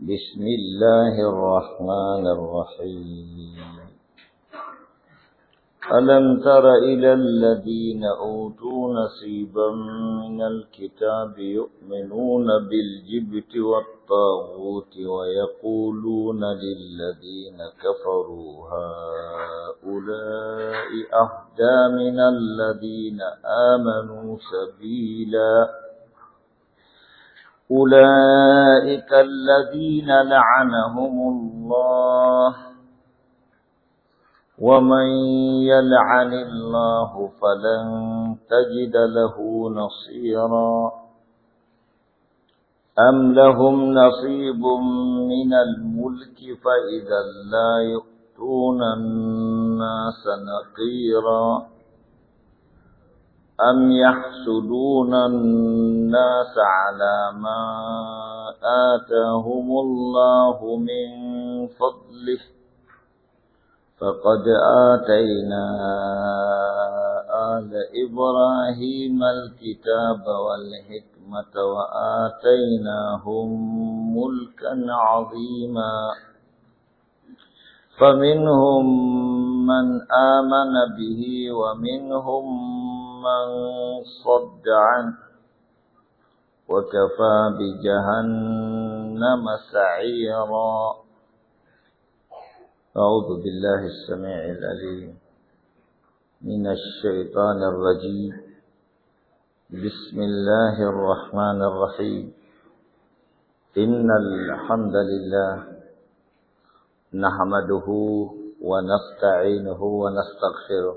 بسم الله الرحمن الرحيم ألم تر إلى الذين أوتوا نصيبا من الكتاب يؤمنون بالجبت والطاغوت ويقولون للذين كفروا هؤلاء أهدى من الذين آمنوا سبيلاً أولئك الذين لعنهم الله ومن يلعن الله فلن تجد له نصيرا أم لهم نصيب من الملك فإذا لا يؤتون الناس نقيراً أم يحسدون الناس على ما آتاهم الله من فضله فقد آتينا آل إبراهيم الكتاب والحكمة وآتيناهم ملكا عظيما فمنهم من آمن به ومنهم من صد عنه وكفى بجهنم سعيرا أعوذ بالله السميع العليم من الشيطان الرجيم بسم الله الرحمن الرحيم إن الحمد لله نحمده ونستعينه ونستغفره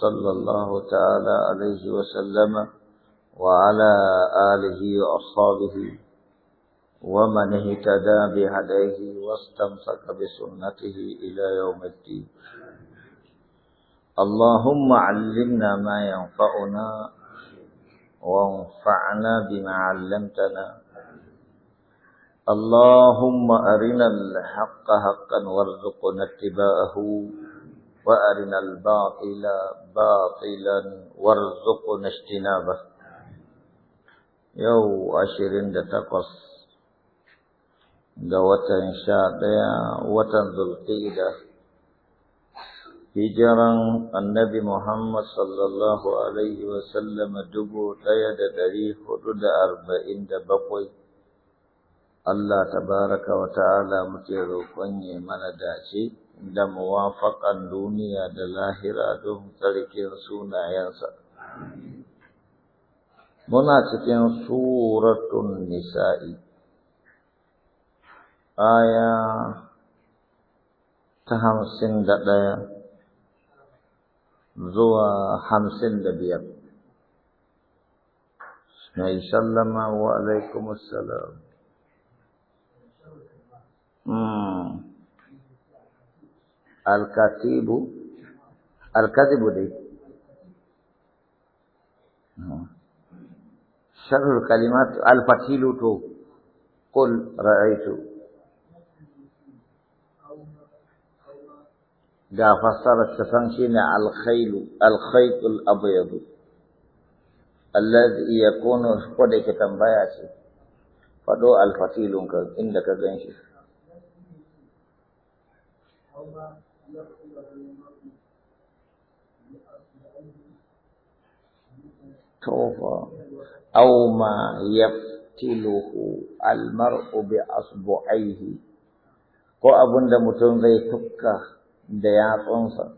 صلى الله تعالى عليه وسلم وعلى آله وأصحابه ومن اهتدى بهديه واستمسك بسنته إلى يوم الدين اللهم علمنا ما ينفعنا وانفعنا بما علمتنا اللهم أرنا الحق حقا وارزقنا اتباعه وأرنا الباطل باطلا وارزقنا اجتنابه يو عشرين دتقص دوة شاطئة وتنذ القيدة هجرا النبي محمد صلى الله عليه وسلم دبو تيد دريه ودد أربعين دبقوي Allah tabaraka wa ta'ala muke roƙon ya mana dace da muwafaqan duniya da lahira don tsarkin sunayensa. Muna cikin suratun nisa'i, aya ta hamsin da ɗaya zuwa hamsin da biyar. Mai sallama wa alaikumussalam. Hmm. Al-Katibu, Al-Katibu dai. Hmm. Sharhul kalimat Al-Fatilu to, Qul ra'aitu. Ga fassarar ta san shi ne Al-Khailu, Al-Khaitul Abyadu. Allazi yakunu ko da ke tambaya ce. Faɗo alfasilun ka inda ka gan توفى أو ما يفتله المرء بأصبعيه ko abin da mutum zai tukka da yatsunsa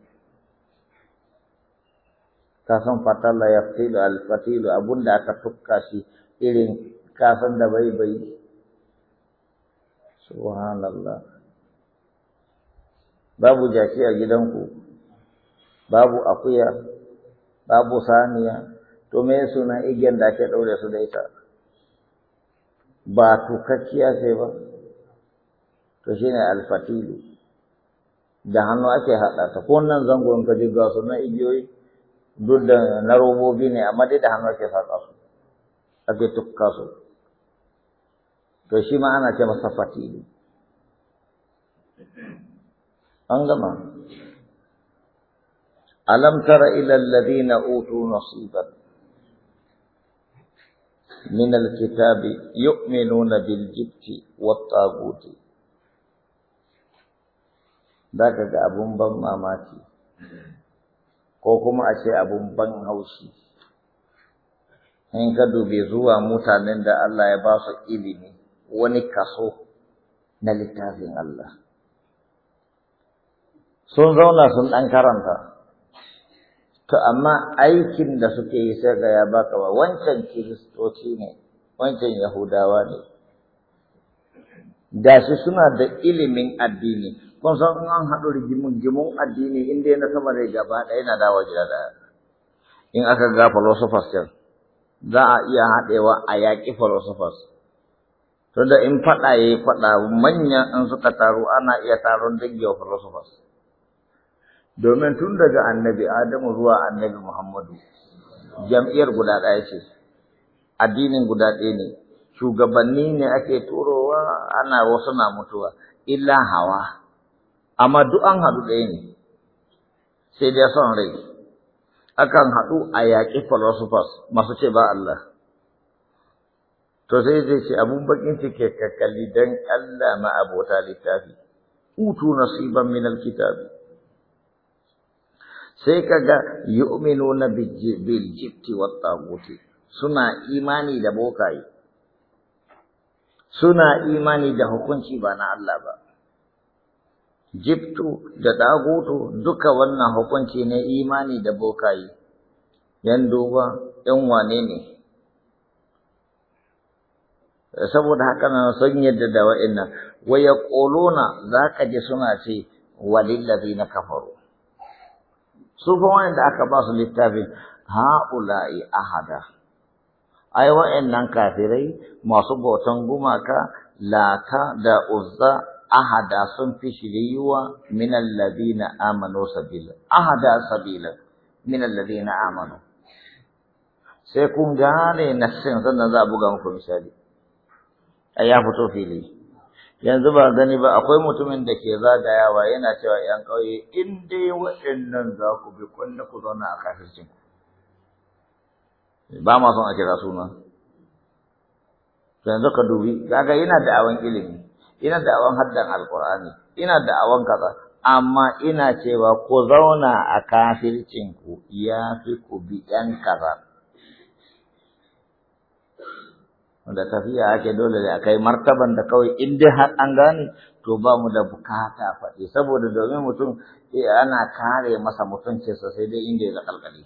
ka san fatalla ya fatilu alfatilu abin da aka tukka shi irin kasan da bai bai subhanallah babu jaki a gidanku babu akuya babu saniya to me suna igiyan da ake ɗaure su da ita ba tukakkiya sai ba to shine alfatilu da hannu ake haɗa ta ko nan zangon ka jirga su na igiyoyi duk da na robobi ne amma dai da hannu ake saƙa su ake tukka su to shi ma ana ce masa fatilu an gama alam tara ilal ladina utu nasiban min alkitabi yu'minuna bil jibti wat taguti Daga ga abun ban mamaki ko kuma a ce abun ban haushi in ka dubi zuwa mutanen da Allah ya ba su ilimi wani kaso na littafin Allah sun zauna sun ɗan karanta to amma aikin da suke yi sai ga ya baka ba wancan kiristoci ne wancan yahudawa ne da shi suna da ilimin addini kun san in an haɗu rigimin gimin addini inda yana sama da gaba ɗaya na dawo gida ɗaya in aka ga philosophers can za a iya haɗewa a yaƙi philosophers tunda in faɗa ya yi faɗa manyan in suka taru ana iya taron dangewa philosophers domin tun daga annabi Adamu zuwa annabi Muhammadu jam'iyyar guda ɗaya ce addinin guda ɗaya ne shugabanni ne ake turowa ana wasu na mutuwa illa hawa amma duk an haɗu ɗaya ne sai dai son rai akan haɗu a yaƙi philosophers masu ce ba Allah to sai zai ce abun bakin cike kakalli dan Allah ma abota littafi utu nasiban min alkitabi sai kaga na bil jibti wa taguti suna imani da bokaye suna imani da hukunci ba na Allah ba jibtu da dagutu duka wannan hukunci ne imani da bokaye yan duba yan wane ne saboda haka na sun yadda da wa'annan wa yaquluna zaka ji suna ce walil na kafaru su fa wanda aka ba su littafin ha'ula'i ahada ai wa'annan kafirai masu bautan gumaka lata da uzza ahada sun fi shiriyuwa min alladhina amanu sabila ahada sabila min alladhina amanu sai kun gane nassin sannan za a buga muku misali ai ya fito fili yanzu ba gani ba akwai mutumin da ke zagayawa yana cewa ‘yan ƙauye in dai waɗannan za ku bi kwanda ku zauna a kafircin ba ma son a kira suna yanzu ka dubi kaga yana da awan ilimi ina da awan haddan alkur'ani ina da awan kaza amma ina cewa ku zauna a kafircin ku ya fi ku bi ‘yan kaza wanda tafiya ake dole da kai martaban da kawai in dai har an gane to ba mu da bukata faɗi saboda domin mutum eh, ana kare masa sa sai dai inda ya zakalkali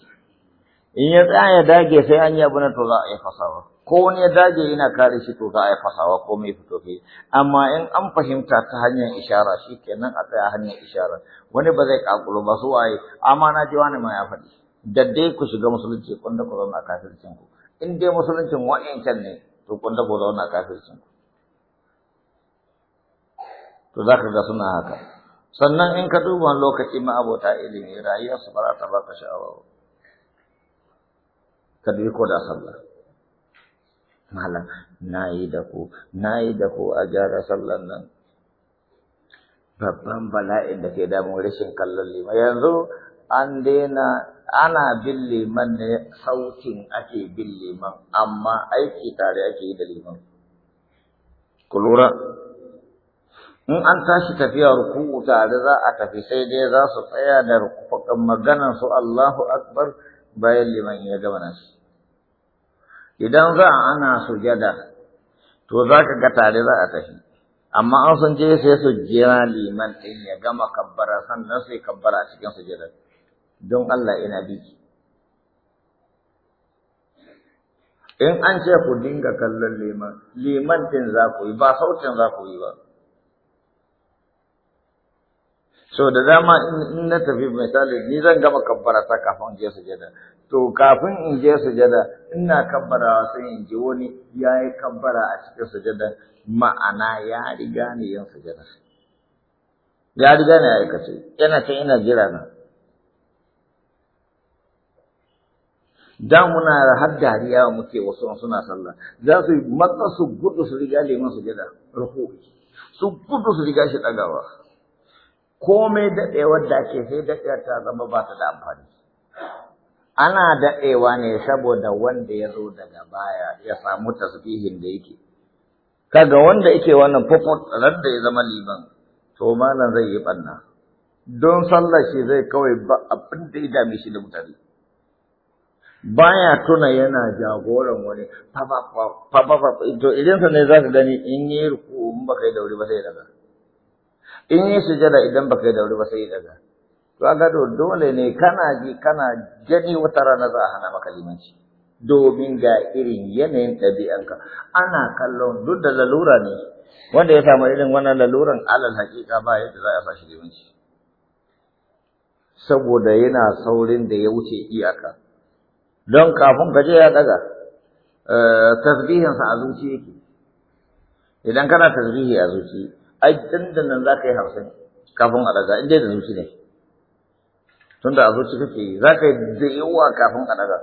in ya tsaya ya dage sai an yi na to za a yi fasawa ko wani ya dage yana kare shi to za a yi fasawa ko mai fito fi amma in an fahimta ta hanyar ishara shi kenan a tsaya hanyar ishara wani ba zai kakulo ba su waye amma na ji wani ma ya faɗi da dai ku shiga musulunci kun da ku zauna kafircin ku in dai musuluncin wa'ancan ne to kun da gozo kafircin to zaka ga suna haka sannan in ka duba lokaci ma abota ilimi rayuwar su fara ta baka sha'awa ka bi ko da sallah malam nayi da ku nayi da ku a gyara sallan nan babban bala'in da ke damun rashin kallon lima yanzu an daina ana bin liman ne sautin ake bin liman amma aiki tare ake yi da liman ku lura in an tashi tafiya ruku'u tare za a tafi sai dai za su tsaya da rukufakan maganar su Allahu akbar bayan liman ya gama nashi idan za a ana sujada to za ka ga tare za a tafi amma an san je sai su jira liman ɗin ya gama kabbara sannan sai kabbara a cikin sujadar don Allah ina bi in an ce ku dinga kallon liman liman din za ku yi ba sautin za ku yi ba so da dama in na tafi misali ni zan gama kabbara ta kafin in je sujada to kafin in je sujada ina kabbarawa sai in ji wani ya yi kabbara a cikin sujada ma'ana ya riga ni yin sujada ya riga ni aikace yana can ina jira na da muna har dariya muke wasu suna sallah za su matsa su gudu su riga liman su gida ruku'i su gudu su riga shi ɗagawa komai daɗewar da ke sai daɗewar ta zama ba ta da amfani ana daɗewa ne saboda wanda ya zo daga baya ya samu tasbihin da yake kaga wanda yake wannan fofot ran da ya zama liman to malam zai yi banna don sallar shi zai kawai ba abin da ya dame shi da mutane baya tuna yana jagoran wani fa to idan sa ne ka gani in yi ruku in baka yi dauri ba sai daga in yi sujada idan baka yi dauri ba sai daga to ga to dole ne kana ji kana gani wata rana za a hana maka limanci domin ga irin yanayin ɗabi'anka ana kallon duk da lalura ne wanda ya samu irin wannan laluran alal haƙiƙa ba yadda za a sa shi limanci saboda yana saurin da ya wuce iyaka don kafin ka je ya daga eh, tasbihinsa a zuci yake idan kana tasbihi a zuci ai nan za ka yi hausa kafin a daga inda da zuci ne tunda a zuci kake yi za ka yi da yawa kafin a daga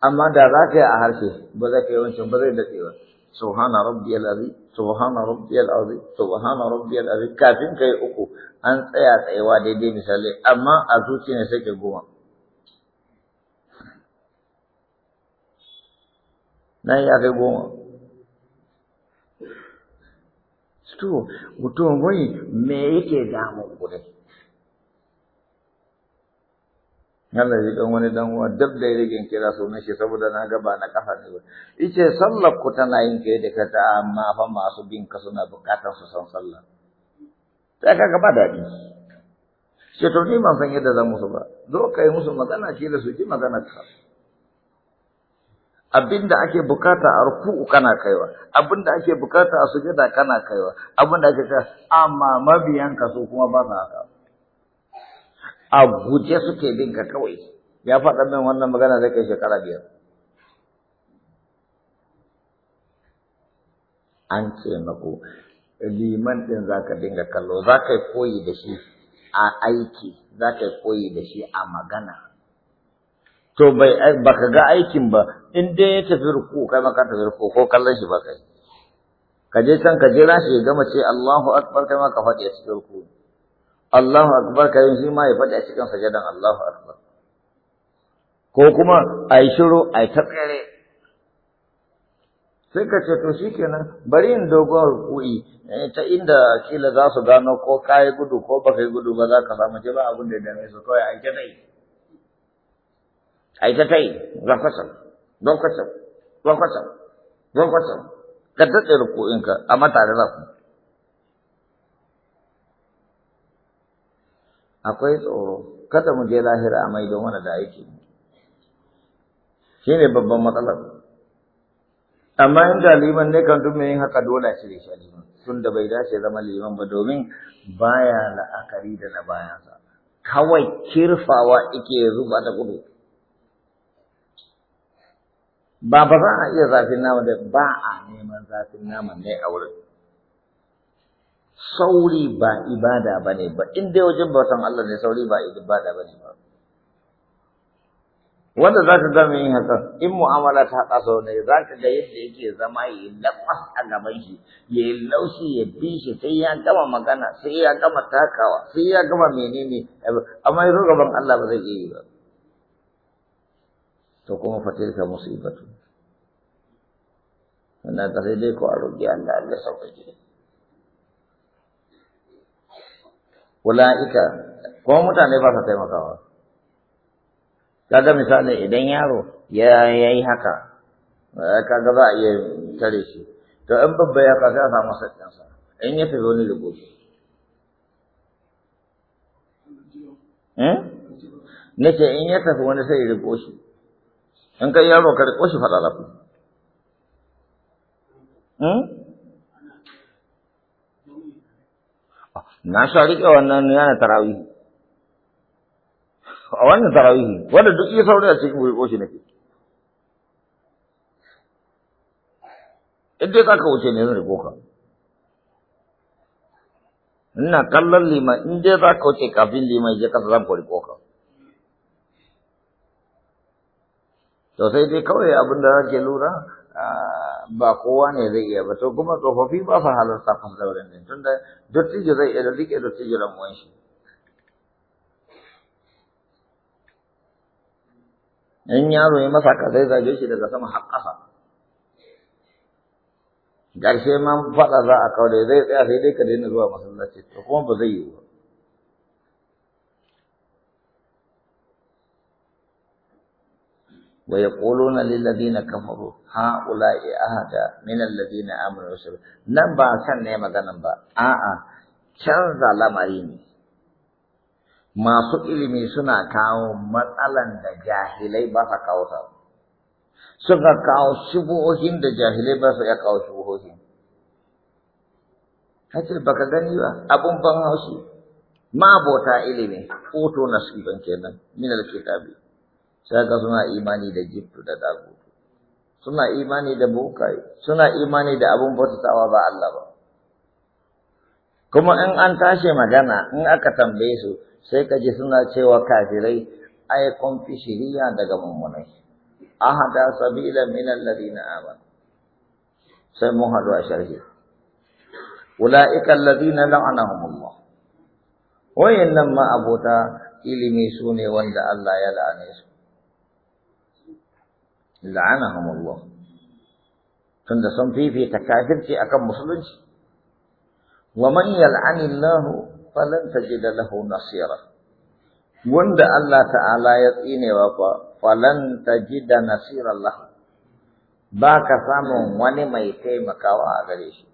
amma da za ka yi a harshe ba za ka yi wancan ba zai datse ba subhana rabbiyal azim subhana rabbiyal azim subhana rabbiyal azim kafin kai uku an tsaya tsayawa daidai misali amma a zuci ne sai ke goma nan ya kai goma to mutum wani me yake damun kuɗi. Yalla Allah ya wani ɗan uwa dab da yake kira sunan shi saboda na gaba na kafa ne ba Ice sallar ku tana yin kai da kata amma fa masu bin ka suna buƙatar su san sallah sai ka ba dadi sai to ni ban san yadda zan musu ba zo yi musu magana ce da su ji magana ka abinda ake bukata a ruku'u kana kaiwa abinda ake bukata a sujada kana kaiwa abinda ake ka amma ka su kuma ba haka a guje suke bin ka kawai ya faɗa min wannan magana zai kai shekara biyar an ce maku liman ɗin za ka dinga kallo za ka yi koyi da shi a aiki za ka koyi da shi a magana to bai baka ga aikin ba in dai ya tafi ruku kai ma ka tafi ruku ko kallon shi ba kai ka je can ka jira shi ya gama ce Allahu akbar kai ma ka faɗi a cikin ruku Allahu akbar kai shi ma ya faɗi a cikin sajadan Allahu akbar ko kuma a yi shiru a yi ta tsere sai ka ce to shikenan bari in dogon ruku'i eh, ta inda kila za su gano ko ka yi gudu ko ka yi gudu ba za ka samu ce ba abin da ya dame su kawai a yi ta tai a yi ta tai za ka samu don kwatsam don kwatsam don kwatsam ka daɗe ruku'inka a tare za ku akwai tsoro kada mu je lahira a don mana da aiki shi ne babban matsalar amma in da liman ne kan tun yin haka dole shi da shi liman tun da bai dace zama liman ba domin baya la'akari da na bayansa kawai kirfawa ike zuba ta gudu ba ba za a iya zafin nama da ba a neman zafin nama ne a wurin sauri ba ibada ba ne ba in dai wajen bautan Allah ne sauri ba ibada ba ne ba wanda za ka zama yin haka in mu'amala ta haɗa sau ne za ka ga yadda yake zama yi lakwas a gaban shi ya yi laushi ya bi shi sai ya gama magana sai ya gama takawa sai ya gama menene amma yanzu gaban Allah ba zai iya yi ba to kuma fatilka musibatu wannan ka sai dai ko a roƙi Allah Allah sauƙaƙe ula'ika ko mutane ba sa taimakawa kaga misali idan yaro ya yayi haka eh, kaga za a iya tare shi to in babba ya kasa a samu sakkansa in ya tafi wani rubo shi hmm? nace in ya tafi wani sai ya rubo shi in kai yaro ka riko shi faɗa lafi hmm? na sha riƙe wannan yana tarawih a wannan tarawih wanda duk iya saurari a cikin riko shi nake in dai ka wuce ne zan riko ka ina kallon lima in dai za ka wuce kafin lima ya kasa zan ku riko ka to sai dai kawai abin da ke lura ba kowa ne zai iya ba to kuma tsofaffi ba sa halarta kan zauren din tunda dottijo zai iya da rike da dan uwan shi in yaro ya masa ka zai zage shi daga sama har ƙasa ƙarshe ma faɗa za a kawo zai tsaya sai dai ka daina zuwa masallaci to kuma ba zai yi ba ويقولون للذين كفروا هؤلاء أهدى من الذين آمنوا رسول نم با سن ne maganan ba a a'a canza lamari ne masu ilimi suna kawo matsalan da jahilai ba sa kawo ta suka kawo shubuhohin da jahilai ba su ya kawo shubuhohin kace baka gani ba abun ban haushi ma abota ilimi koto nasiban kenan min alkitabi saka suna imani da Jiftu da dagutu suna imani da bukai suna imani da abun bautawa ba Allah ba kuma in an tashi magana in aka tambaye su sai ka ji suna cewa kafirai ai kun fi shiriya daga mummunai ahada sabila min alladhina amanu sai mun hadu a sharhi ulaika alladhina la'anahumullah wayannan ma abota ilimi sune wanda Allah ya la'ane su la'anahumullah tunda sun fifita kafirci akan musulunci wa man yal'anillahu falan tajida lahu nasira wanda Allah ta'ala ya tsinewa fa falan da nasira lahu baka samun wani mai taimakawa a gare shi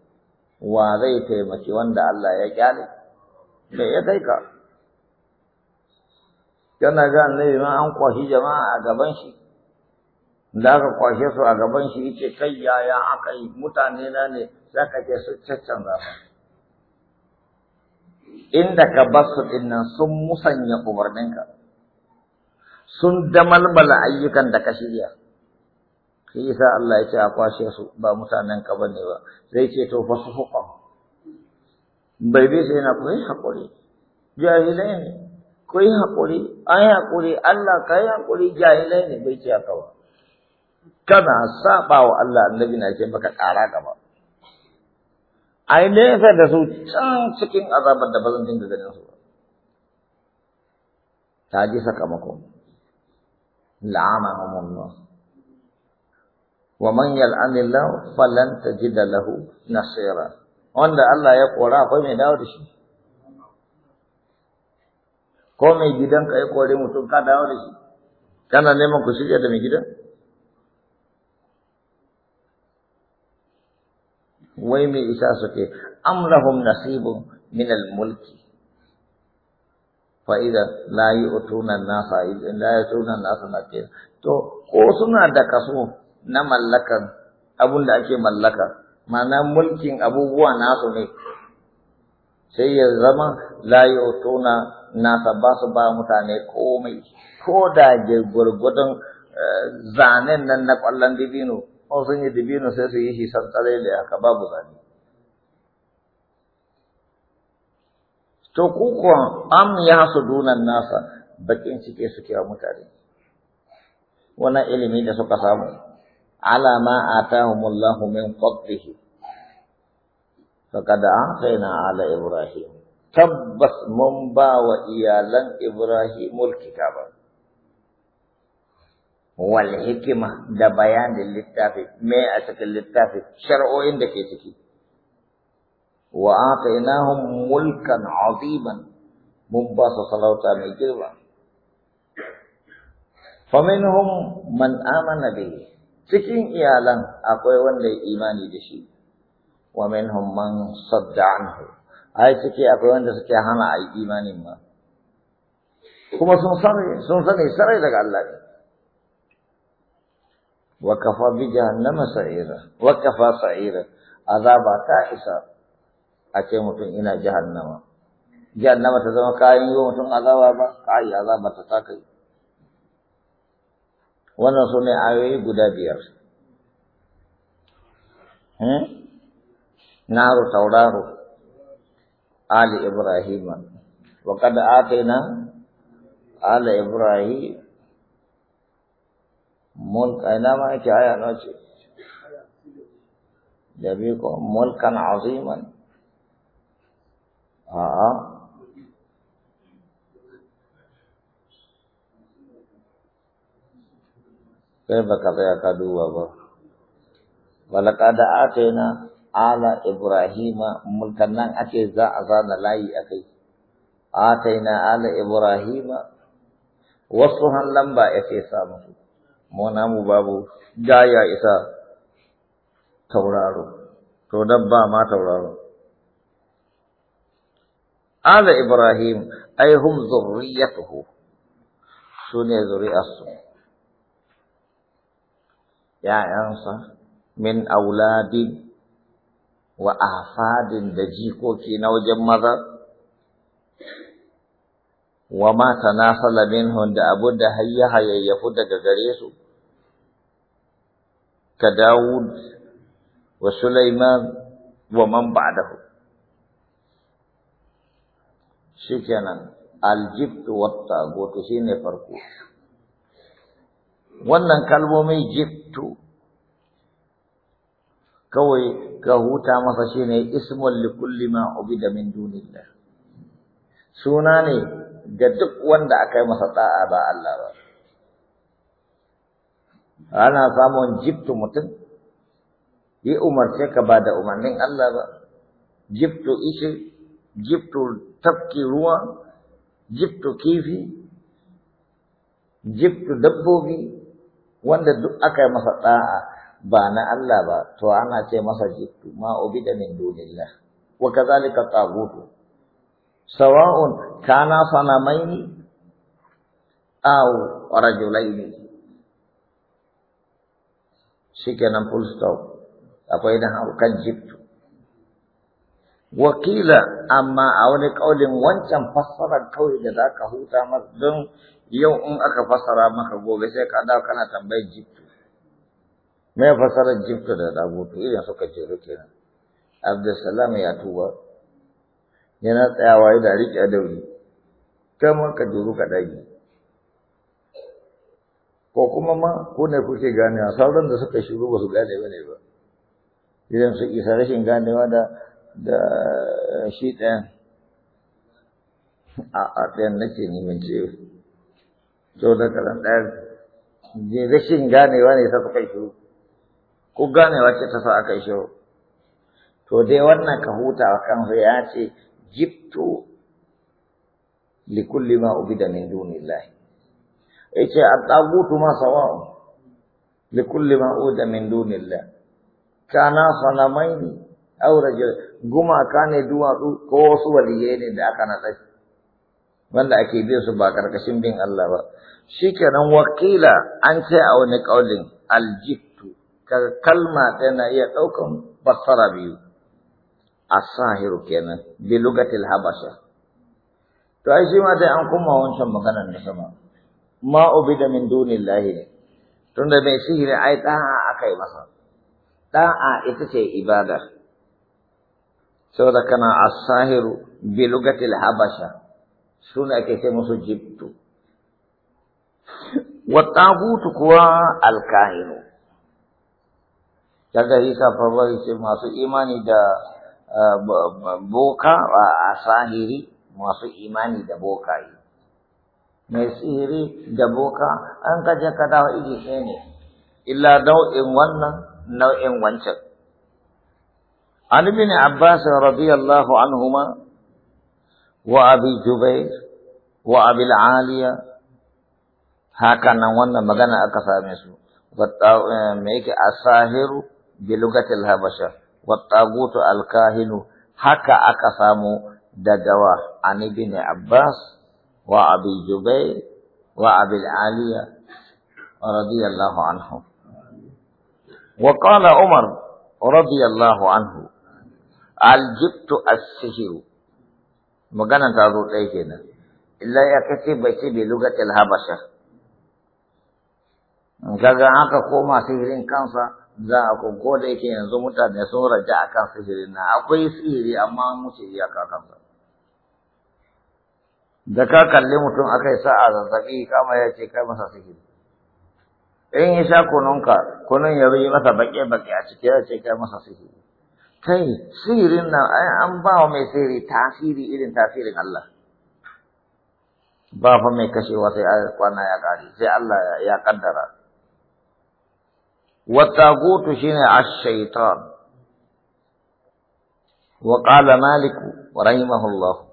wa zai taimaki wanda Allah ya kyale me ya kai ka kana ga annabi ma an kwashi jama'a a gaban shi da aka kwashe su a gaban shi yace kai yaya aka yi mutane na ne za ka je su caccanza inda ka basu dinnan sun musanya umarninka sun damalmala ayyukan da ka shirya shi yasa Allah ya ce a kwashe su ba mutanen ka bane ba zai ce to fasu hukwa bai bi sai na yi hakuri jahilai ne haƙuri hakuri yi haƙuri Allah yi hakuri jahilai ne bai ce haka ba kana saba wa Allah annabi na ce maka ƙara gaba ai nesa da su can cikin azabar da bazan dinga ganin su ba ta ji sakamako mun Allah wa man yal'anillahu falan tajida lahu nasira wanda Allah ya kora akwai mai dawo da shi ko mai gidanka ya kore mutum ka dawo da shi kana neman ku shiga da mai gidan wai mai isa suke amrahum nasibun min al-mulki fa idza la yu'tuna nasa la yu'tuna an-nasa nakira to ko suna da kaso na mallakan abunda ake mallaka Mana mulkin abubuwa nasu ne sai ya zama la yu'tuna nasa ba su ba mutane komai ko da gurgudun eh, zanen nan na kwallon dibino in sun yi dibino sai su yi shi san tsalele ka babu zani to ku am ya su dunan nasa bakin cike suke wa mutane wannan ilimi da suka samu ala ma atahumullahu min an sai na ala ibrahim tabbas mun ba wa iyalan ibrahimul ba wal hikima da bayanin littafi me a cikin littafi shar'o'in da ke ciki wa atainahum mulkan aziman mun ba salauta mai girma minhum man amana bihi cikin iyalan akwai wanda ya imani da shi wa minhum man sadda anhu ai ciki akwai wanda suke hana ai imanin ma kuma sun sani sun sani sarai daga Allah wa kafa bi jahannama sa'ira wa kafa sa'ira azaba ta isa a ce mutum ina jahannama jahannama ta zama kayan yi wa mutum azaba ba Ka kai azaba ta ta kai wannan su ne ayoyi guda biyar Na haru tauraro ali ibrahima wa kada atina ala ibrahim mulka ina ma yake aya na mulkan aziman a'a kai baka baya ka duba ba walaqad atayna ala ibrahima mulkan nan ake za zana layi akai atayna ala ibrahima wasu han lamba ya ce sa musu mu namu babu gaya isa tauraro to dabba ma tauraro ala ibrahim ay hum zurriyatuhu sune zuri'arsu ya'yansa min auladi wa afadin da jikoki na wajen maza wa ma tanasala minhum da abu da hayya hayayyafu daga gare su كداود وسليمان ومن بعده شكرا الجبت والطاغوت شيني فرقو wannan kalmomi jibtu kawai ka huta masa shine ismul likulli ma ubida min suna ne ga duk wanda aka yi masa ɗa'a ba Allah ba ana samun jibtu mutum yi umarce ka ba da umarnin Allah ba jibtu ishe jibtu tafki ruwa jibtu kifi jibtu dabbobi wanda duk aka yi masa ɗa'a ba na Allah ba to ana ce masa jibtu ma da min dunillah wa kazalika tagutu sawa'un kana sanamaini aw rajulaini shikenan full stop akwai na kan jibtu wakila amma a wani kaulin wancan fassarar kauye da zaka huta masa don yau in aka fassara maka gobe sai ka dawo kana tambayar jibtu me fasara jibtu da dagutu yang suka ce su kenan abdulsalam ya tuba yana tsayawa da riƙe dauri Kamu ka juru ko kuma ma ko ne kuke ganewa sauran da suka shigo ba su gane ba ne ba idan su isa rashin ganewa da da shi ɗayan a a ɗayan nake neman ce to da karan ne rashin ganewa ne ta suka shigo ko ganewa ce ta sa aka shigo to dai wannan ka huta kansa ya ce jibtu likulli ma ubida min dunillahi yace at-tagutu ma sawa'un li kulli ma'uda min dunillah kana sanamaini aw rajul gumaka ne tu ko wasu waliyai ne da aka nada wanda ake bin su ba karkashin bin Allah ba shikenan wakila an ce a wani kaulin aljittu ka kalma tana iya daukan basara biyu asahiru kenan bi lugatil habasha to ai shi ma dai an kuma wancan maganar da sama ma ubida min dunillahi ne tunda mai sihiri ai da'a akai masa da'a ita ce ibada saboda kana asahiru sahiru bi habasha suna ake ce musu jibtu wa hutu kuwa alkahinu kaga isa farwari ce masu imani da eh, boka a sahiri masu imani da bokaye mai tsiri da boka an kaje ka dawo iji ne illa nau'in wannan nau'in wancan. Alibini Abbas radiyallahu anhuma wa abi Jubair wa abi aliya haka nan wannan magana aka same su eh, me yake asahiru bi habasha wa tagutu alkahinu haka aka samu daga wa Alibini Abbas وأبي جبير وأبي العالية رضي الله عنه وقال عمر رضي الله عنه الجبت السحر مغانا تازو تيكينا إلا يكسي بيسي بلغة الهبشة kaga aka koma sihirin kansa za a ko da yake yanzu mutane sun raja akan sihirin na akwai sihiri amma an wuce iyaka kansa da ka kalli mutum aka yi sa'a zazzaɓi kama ya ce kai masa sihiri in ya sha kununka kunun ya yi masa baƙe-baƙe a ciki ya ce kai masa sihiri kai sihirin nan an ba wa mai sihiri tasiri irin tasirin Allah ba fa mai kashewa sai ayar kwana ya ƙari sai Allah ya ƙaddara wattagutu shine a shaitan wa ƙala maliku rahimahullah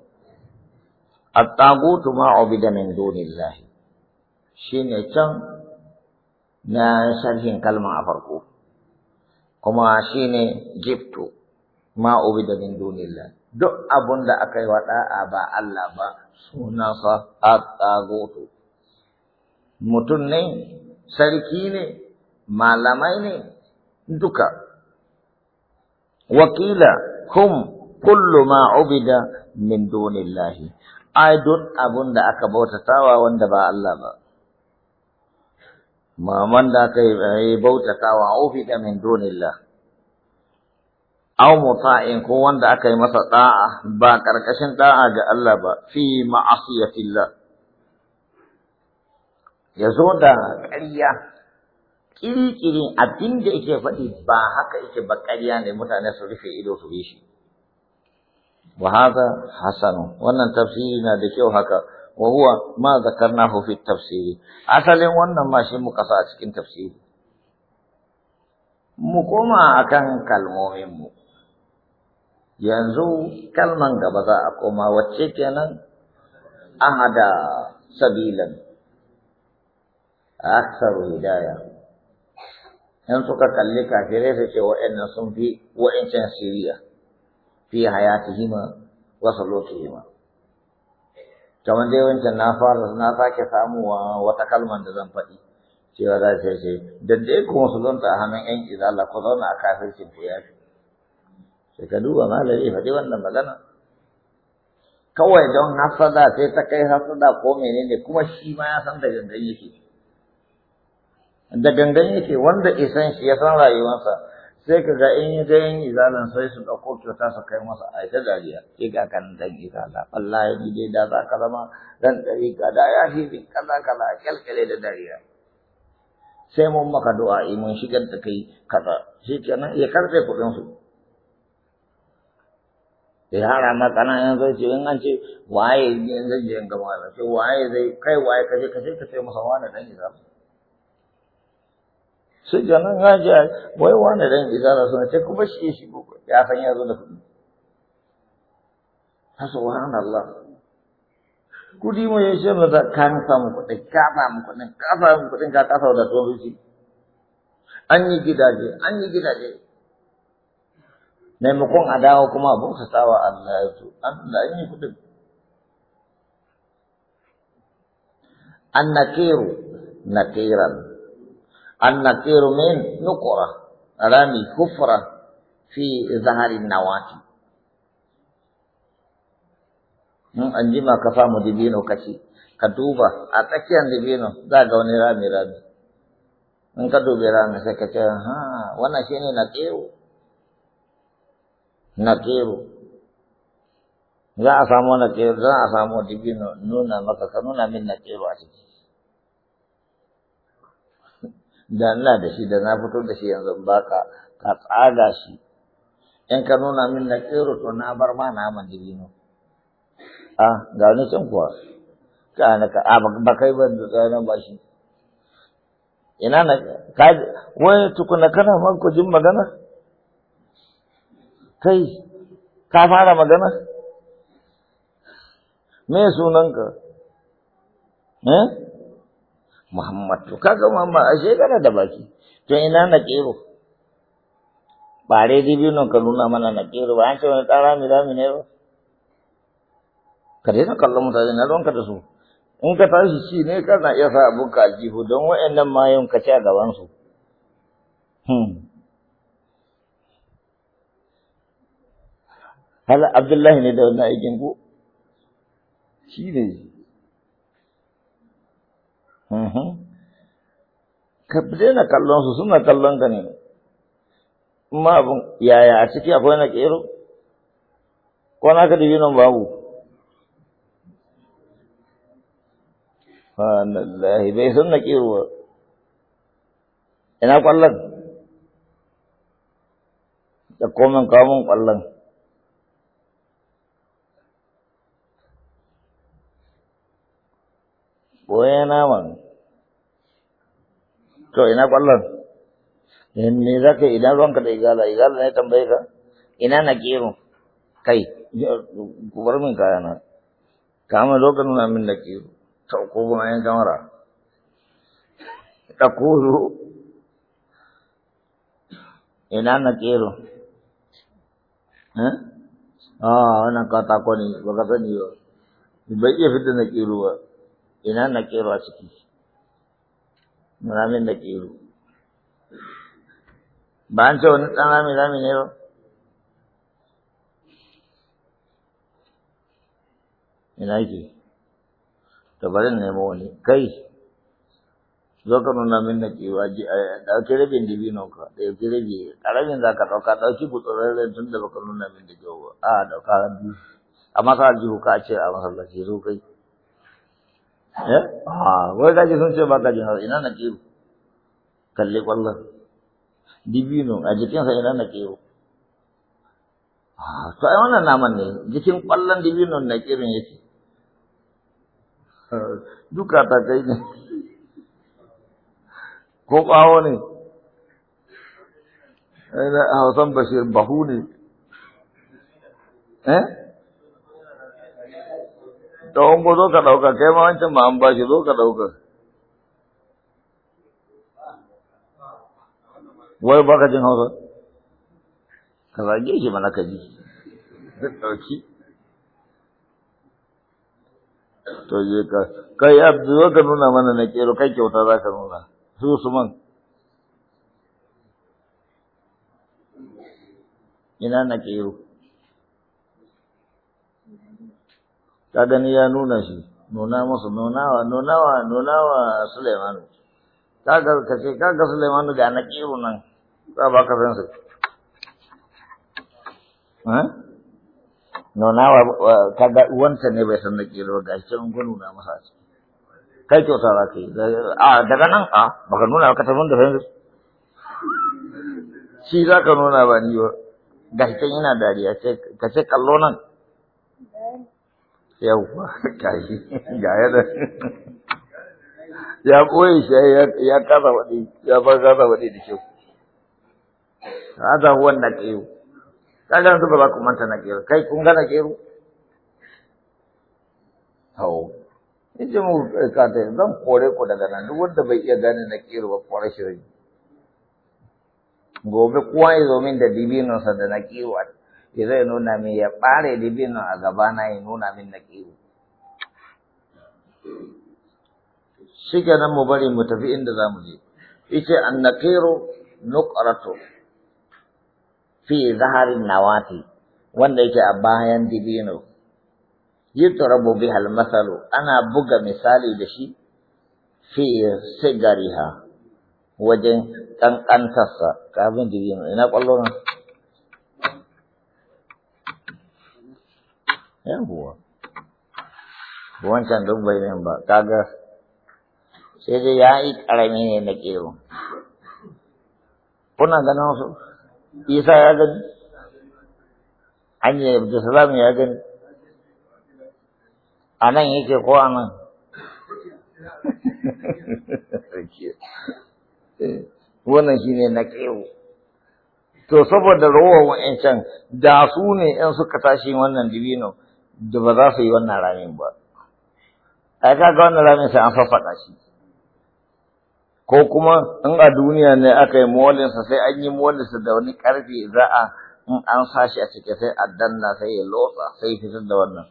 At-tagutu ma'ubida min dunillah. Shine can na sharhin kalma a farko. Kuma shine giftu ma'ubida min dunillah. Duk abun da aka yi wa ɗa'a ba Allah ba sunansa at-tagutu. Mutun ne, sarki ne, malamai ne, duka. Wakila, hum kullu ubida min dunillahi. ai duk abun da aka bautatawa wanda ba Allah ba maman da aka yi eh, bautatawa da min dunillah Au muta'in ko wanda aka yi masa da'a ba karkashin da'a ga Allah ba fi ma'asiyatillah ya zo da ƙarya ƙirƙirin abin da yake faɗi ba haka yake ba ƙarya ne mutane su rufe ido su bi shi wa Hassanu, wannan tafsiri na da kyau haka wa huwa ma zakarnahu fi tafsiri asalin wannan ma shi muka sa a cikin tafsiri mu koma akan kalmomin mu yanzu kalman gaba za a koma wacce kenan ahada sabilan aksaru Hidaya. in suka kalli kafirai su ce wa'annan sun fi wa'ancan siriya fi hayatihima wa salutihima kamar dai wancan na fara na sake samuwa wata kalmar da zan faɗi cewa za ta ce da dai kuma su zonta a hannun yan Allah ku zauna a kafircin ku ya fi sai ka duba malami faɗi wannan magana kawai don hasada sai ta kai hasada ko menene kuma shi ma ya san da gangan yake da gangan yake wanda isan shi ya san rayuwarsa sai ka ga in ta yin izalan sai su ɗauko kyauta su kai masa a ita dariya sai ga kan dan izala wallahi ni dai da za ka zama dan ka da ya fi bin kaza kaza kyalkyale da dariya sai mun maka du'a mun shigar da kai kaza shi kenan ya karɓe kuɗin su ya hara ma yan zai ce in an ce waye zai je in gama sai waye zai kai waye kaje kaje ka sai masa wani dan izala sai ga nan haji wai wani dan izara suna ce kuma shi shi ya san ya zo da kuɗi subhanallah kuɗi mu yaushe ba za ka samu kuɗi ka samu kuɗin ka samu kuɗi, ka ka da tsohon shi an yi gidaje an yi gidaje maimakon a dawo kuma abun sa tsawa Allah ya so an da an yi kuɗin an nakiru nakiran an من نقرة رمي كفرة في fi zaharin nawati anjima ka dibino kasi ka atakian a dibino za ga wani rami rami in dubi rami sai ka ce wana sini shine na za a samu na za a samu dibino nuna maka kanuna min nakiru tsero da ina da shi da na fito da shi yanzu ba ka ka tsaga shi in ka nuna min na kero to na bar ma naman dibino a ga wani can kuwa ka na ka a ba kai ban da tsayanan ba shi ina na ka wai tukuna kana man ku jin magana kai ka fara magana me sunanka eh Muhammad to kaga Muhammad ashe kana da baki to ina na kero bare dai biyu ka nuna mana na kero ba an ce wani tsara mi zamu ne ba ka daina kallon mutane na ruwanka da su in ka tashi shi ne kana iya sa abun ka aljihu don wa'annan mayun ka ci a gaban su Hala hmm. Abdullahi ne da wannan aikin ku? Shi ne Mhm. ka daina kallon su suna kallon ka ne ma abin yaya a ciki akwai na ƙero ko na ka dubi nan babu fa'anallahi bai san na ƙero ba ina ƙwallon da komen kamun ƙwallon Boye naman. to ina kwallon ne za ka ina ruwanka da igala igala ne tambaye ka ina na kero kai ku bar min kaya na kama lokacin nuna min da kero ta uku kuma yan kamara ta kuru ina na kero a wannan katako ne ba ka sani ba bai iya fita na kero ba ina na kero a ciki ramin da ƙero ba an ce wani ɗan rami rami ne ba ina ke to bari nemo wani kai zo ka nuna min na ƙero a ɗauki rabin dibino ka ɗauki rabi ƙaramin za ka ɗauka ɗauki gutsurarren tun da baka nuna min da kyau ba a ɗauka biyu a masa aljihu ka ce a masallaci zo kai eh ah wai kaji sun ce baka jin ina na kiyo kalli kwallo dibino a jikinsa ina na kiyo ah to ai wannan naman ne jikin kwallon dibino na kirin yake duka ta kai ne ko bawo ne a hausan bashir bahu ne eh ta wango zo ka ɗauka kai ma wancan ma an bashi zo ka ɗauka wai jin hausa ka zage shi mana ka ji ɗauki to je ka kai abdu zo ka nuna mana na kero kai kyauta za ka nuna su ina na ka gani ya nuna shi nuna masa nunawa nunawa nunawa Ka ga kace kaga ka ga kiru nan ba ba ka san sai eh nunawa ga uwanta ne bai san kiru ga shi kun na masa kai kyauta za ka yi a daga nan a baka nuna ka ta da fahimta shi za ka nuna ba ni ba ga shi ina dariya ka ce kallo nan yawwa kashi ga yadda ya koyi shi ya kasa faɗi ya ba kasa waɗi da kyau hada huwa naqiru kaga su ba ku manta naqiru kai kun ga naqiru hau yace mu ka ta zan kore ku daga nan duk wanda bai iya gane na naqiru ba kore shi gobe kowa ya zo min da dibinan sa na naqiru a shi zai nuna min ya ɓare dibino a gabana ya nuna min na ƙiru shi nan mu bari mu tafi inda za mu je ice an naqiru nuqratu fi zaharin nawati wanda yake a bayan dibino yutrabu biha al-masalu ana buga misali da shi fi sigariha wajen ƙanƙantarsa kafin dibino ina ƙwallo yawwa wancan duk bai nan ba kaga sai dai ya yi karami ne na kewa kuna ganin su isa ya gani anya abdulsalam ya gani a nan yake ko a nan wannan shi ne na kewa to saboda rawar wa'ancan da su ne in suka tashi wannan dibino da ba za su yi wannan ramin ba ai kaga wannan ramin sai an faffaɗa shi ko kuma in a duniya ne aka yi molinsa sai an yi molinsa da wani ƙarfi za a in an shi a cike sai a danna sai ya lotsa sai fitar da wannan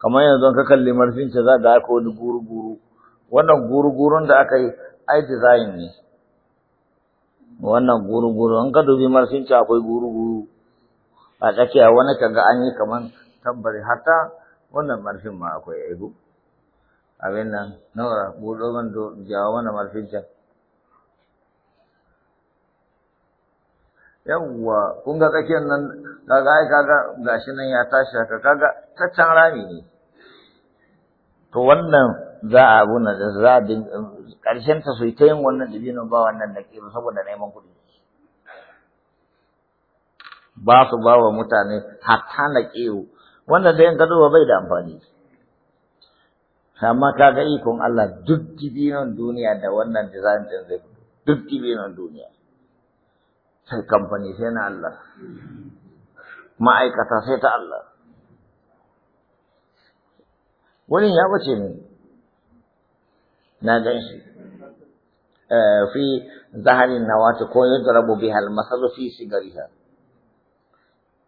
kamar yanzu ka kalli marfin ce za ga aka wani guru-guru wannan guru-gurun da aka yi ai design ne wannan guru-guru in ka dubi marfin ce akwai guru-guru a tsakiya wani kaga an yi kamar tabbari hatta wannan marfin ma akwai aibu abin nan nawa budo man do jawo mana marfin can yawwa kun ga tsakiyar nan kaga ai kaga gashi nan ya tashi haka kaga taccan rami ne to wannan za a abu na da za a ƙarshen ta su ta yin wannan dabino ba wannan da ke saboda neman kuɗi ba su ba wa mutane hatta na ƙewu wannan da yanka duba bai da amfani amma ka ga ikon Allah duk dibinan duniya da wannan design din zai duk dibinan duniya sai kamfani sai na Allah ma'aikata sai ta Allah wani ya bace ne na gan shi eh, fi na nawati ko yudrabu rabu al-masalu fi sigariha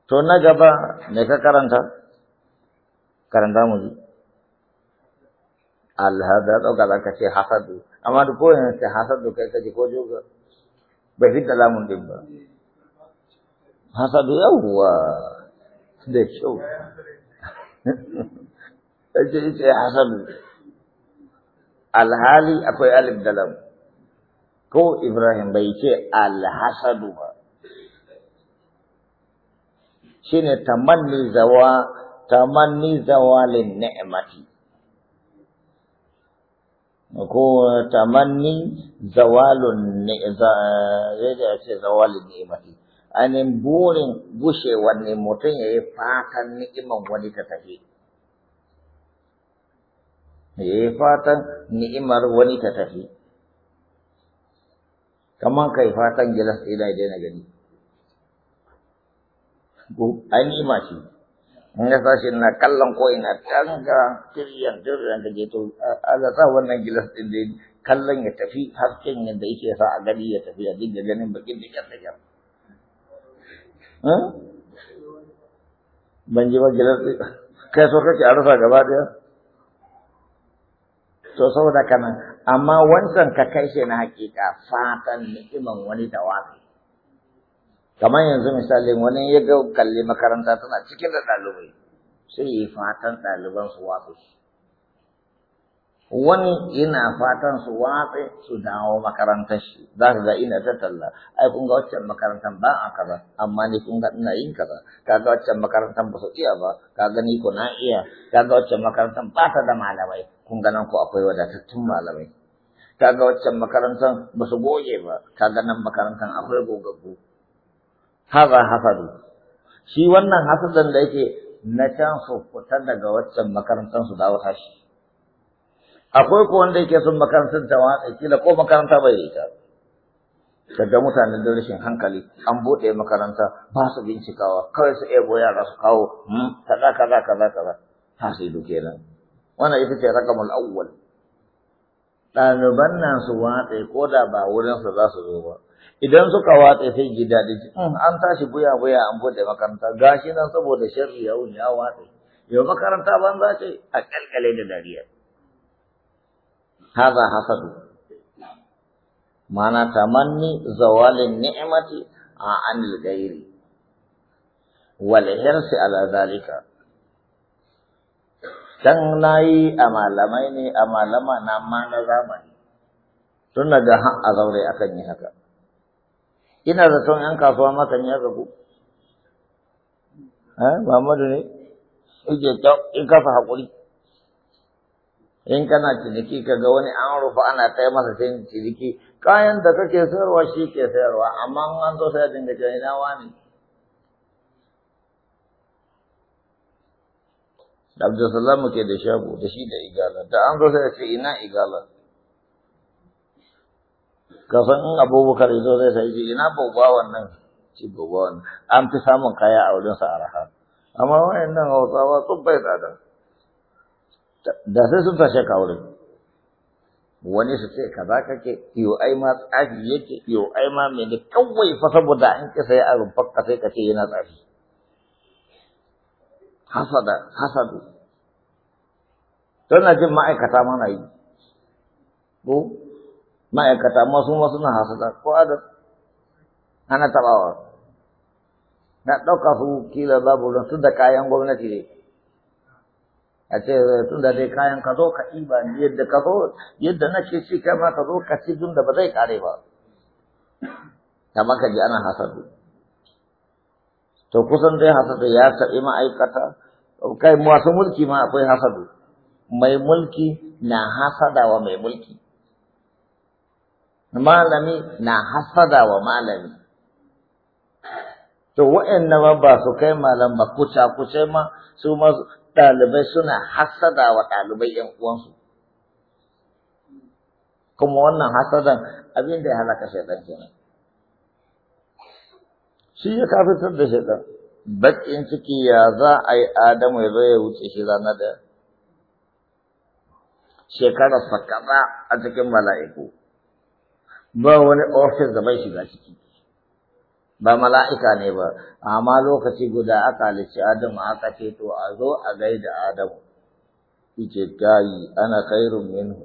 to na gaba me ka karanta karanta mu ji alhada to ga ka ce hasadu amma da ko yana ce hasadu kai kaji ko joga bai fi kalamun din ba hasadu yawwa da kyau ce ce hasadu alhali akwai alif dalam ko ibrahim bai ce alhasadu ba shine tamanni zawa tamanni zawalin ni'mati ko tamanni zawalun ni'za ce zawalin ni'mati anin burin gushe wani mutum ya yi fatan ni'iman wani ta tafi ya yi fatan ni'imar wani ta tafi kamar kai fatan gilas ina daina gani ko an yi ce in ya tashi na kallon ko ina tanga tiryan tiryan da to Allah sa wannan gilas din dai kallon ya tafi hasken yadda yake sa a gari ya tafi a dinga ganin bakin da kyan da ban ji ba gilas din kai so kake a rufa gaba daya to saboda kana amma wancan ka kai shi na hakika fatan ni'iman wani tawafi kamar yanzu misalin wani ya ga kalli makaranta tana cikin da ɗalibai sai yi fatan ɗaliban su watsu wani yana fatan su watsu su dawo makarantar shi za ka ga ina ta talla ai kun ga waccan makarantar ba a kaza amma ni kun ga ina yin kaza ka ga waccan makarantar ba su iya ba ka ga ni ko na iya ka ga waccan makarantar ba ta da malamai kun ga nan ko akwai wadatattun malamai ka ga waccan makarantar ba su goge ba ka ga nan makarantar akwai gogaggu haza hasadu shi wannan hasadan da yake na can su fita daga waccan makarantar su dawo tashi akwai ko wanda yake son makarantar ta watsa kila ko makaranta bai yi ta daga mutanen da rashin hankali an buɗe makaranta ba su bincikawa kawai su ebo yara su kawo ta hmm, kaza kaza kaza sai hasidu nan. wannan ita ce rakamul awwal ɗaliban nan su watsa ko da ba wurinsu za su zo ba idan suka watsa sai ji daɗi an tashi buya-buya an bude makaranta gashi nan saboda sharri wuce ya watsa yau makaranta banza ce a kalkale da dariya haza hasadu mana tamanni zawalin ni'mati a an gairi wal hirsi ala zalika dan nayi a malamai ne a malama na ma na zamani tun daga a zaure akan yi haka ina zaton yan kasuwa makan ya rabu eh Muhammadu ne yake ta in kafa hakuri in kana ciniki kaga wani an rufa ana kai masa sai ciniki kayan da kake sayarwa shi ke sayarwa amma an zo sai dinga cewa ina wani Abdulsalam ke da shago da shi da igala da an zo sai ce ina igala kasan in abubakar ya zo zai sai ji ina bauba wannan ce bauba wannan an fi samun kaya a wurin sa araha amma wayannan hausawa sun bai tsada da sai sun tashi ka wurin wani su ce kaza kake yo ai ma tsafi yake yo ai ma me ne kawai fa saboda an kisa ya arun fakka sai ka ce yana tsafi hasada hasadu tana jin ma'aikata mana yi ko ma'aikata masu masu na hasada ko adam ana tabawa na ɗauka su kila babu don tun da kayan gwamnati ne a ce tun da dai kayan ka zo ka ɗiba ni yadda ka zo yadda na ce shi kama ka zo ka ci tun da ba zai kare ba da maka ji ana hasadu to kusan dai hasadu ya taɓi ma'aikata kai masu mulki ma akwai hasadu mai mulki na hasada wa mai mulki malami na hasada wa malami to wa'annan ma ba su kai malam ba kuca kuce ma su ma Dalibai suna hasada wa ɗalibai 'yan uwansu kuma wannan hasadan abin da ya halaka shaidan kenan shi ya kafitar da shaidan baƙin ciki ya za a yi adamu ya zo ya wuce shi ranar da Shekarar kaza a cikin mala'iku ba wani ofis da bai shiga ciki ba mala'ika ne ba amma lokaci guda aka halicci adamu aka ce to a zo a gaida adamu yace gayi ana khairun minhu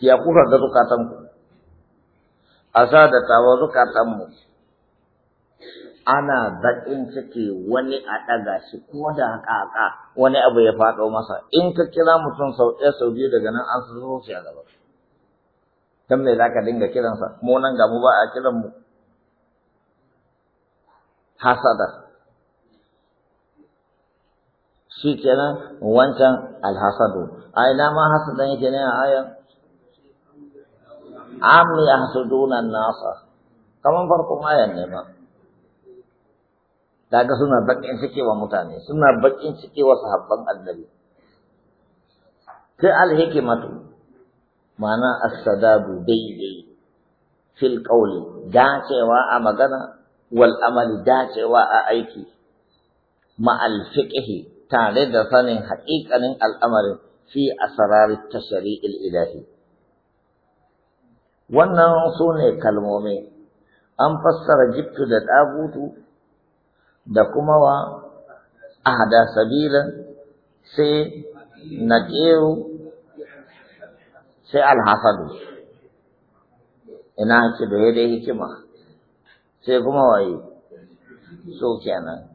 ya kuka ga zukatan ku asa da tawa zukatan mu ana baƙin ciki wani a ɗaga shi ko da ƙaƙa wani abu ya faɗo masa in ka kira mutum sau ɗaya sau biyu daga nan an zo shi a gaba dan me zaka dinga kiransa mu nan ga mu ba a kiran mu hasada shi kenan wancan alhasadu a ina ma hasadan yake ne a ayan am yahsuduna nasa kaman farkon ayan ne ba. Daga suna bakin cikewa mutane suna bakin cikewa sahabban annabi Ta alhikimatu ma'ana as-sadabu daidai fil qawli dacewa a magana wal amali dacewa a aiki ma'al fiqhi tare da sanin haƙiƙanin al'amarin fi asrarit tashri'il ilahi wannan ne kalmomi an fassara jibtu da ɗagutu da kuma wa ahda sabila sai naƙeru sai alhasadu ina ce da dai hikima sai kuma waye so kenan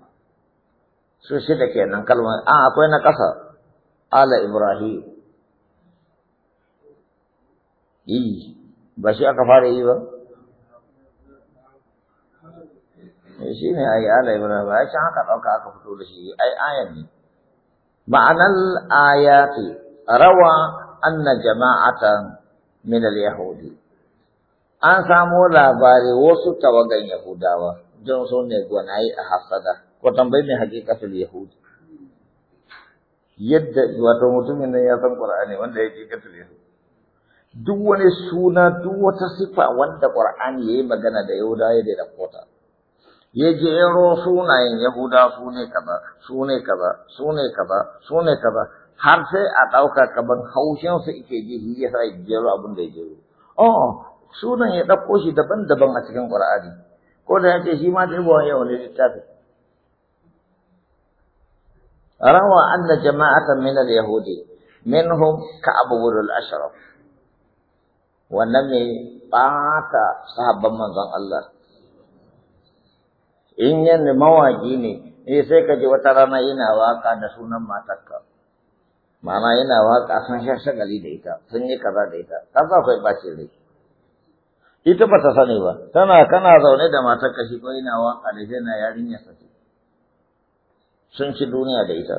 su shida kenan kalmar a ah, akwai na ƙasa ala ibrahim yi ba shi aka fara yi ba eh, shi ne ai ala ibrahim ai can haka ɗauka aka fito da shi ai ayan ne ma'anar ayati rawa anna jama'atan min al-yahudi an samu labari wasu tawagan yahudawa don su ne gwanaye a hasada ko tambayi ne hakikatul yahudi yadda wato mutumin nan ya san qur'ani wanda yake hakikatul yahudi duk wani suna duk wata sifa wanda qur'ani yayi magana da yahuda ya da kota ya ero sunayen Yahuda su ne kaza, su ne kaza, su ne kaza, su ne kaza, har sai a ɗauka kaban haushinsu ike ji shi ya sa jero abin da ya Oh, sunan ya ɗauko shi daban-daban a cikin Ƙur'ani. Ko da ya ce shi ma dai ba yau ne littafi. Rawa anna jama'ata min al-yahudi minhum ka abu al-Ashraf. Wannan ne ɓata sahabban manzon Allah. In yan mawaki ne, eh, sai ka ji wata rana yana waka da sunan matarka. mama yana waka sun shagali da ita sun yi kaza da ita kaza akwai bacin rai ita ba ta sani ba tana kana zaune da matar kashi ko yana waka da yana yarinya sace sun ci duniya da ita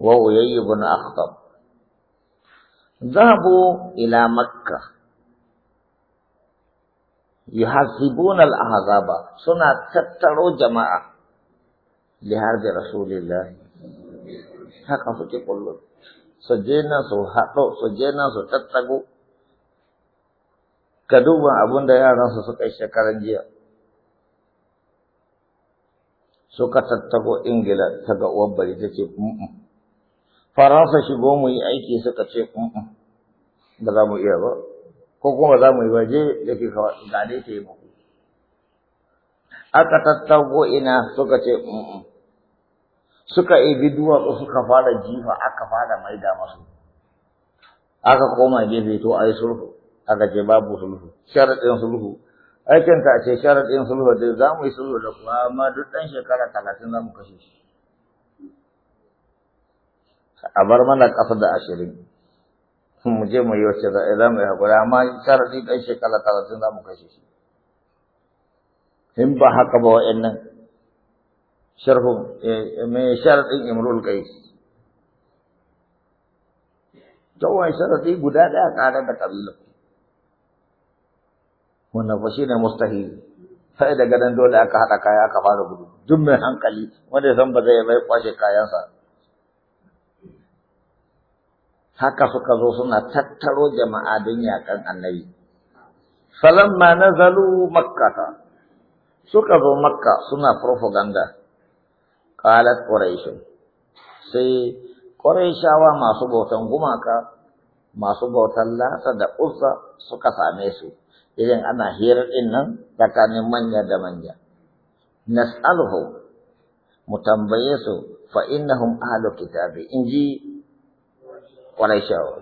wa uyayy ibn akhtab ذهبوا إلى مكة يحسبون الأحزاب suna تترو jama'a. لحرب رسول الله haka suke kullum su jena su haɗo su jena su tattago ka duba abin da yaransu suka yi shekaran jiya suka tattago ingila ta ga uwar bari ta ce faransa shigo mu yi aiki suka ce ba za mu iya ba ko kuma za mu yi waje da ke kawai da dai ta yi muku aka tattago ina suka ce suka ebi duwatsu suka fara jifa aka fara maida masu aka koma gefe to ai sulhu aka ce babu sulhu sharadin sulhu aikin ta ce sharadin sulhu da za mu yi sulhu da kuma amma duk dan shekara talatin za mu kashe shi a bar mana ƙasa da ashirin mu je mu yi wacce za mu yi haƙuri amma sharadin dan shekara talatin za mu kashe shi in ba haka ba wa'annan sharhu eh, mai sharadin imrul qais jawai sharadi guda daya kare da kabila wannan fa shine mustahil sai da gadan dole aka hada kaya aka fara gudu duk mai hankali wanda san ba zai bai kwashe kayansa haka suka zo suna tattaro jama'a don yakan annabi falamma nazalu makkata suka zo makka suna propaganda qalat quraish sai quraishawa masu bautan gumaka masu bautan lasa da uzza suka same su idan ana hirar din nan tsakanin manya da manya nas'aluhu mu tambaye su fa innahum ahlul kitabi inji quraishawa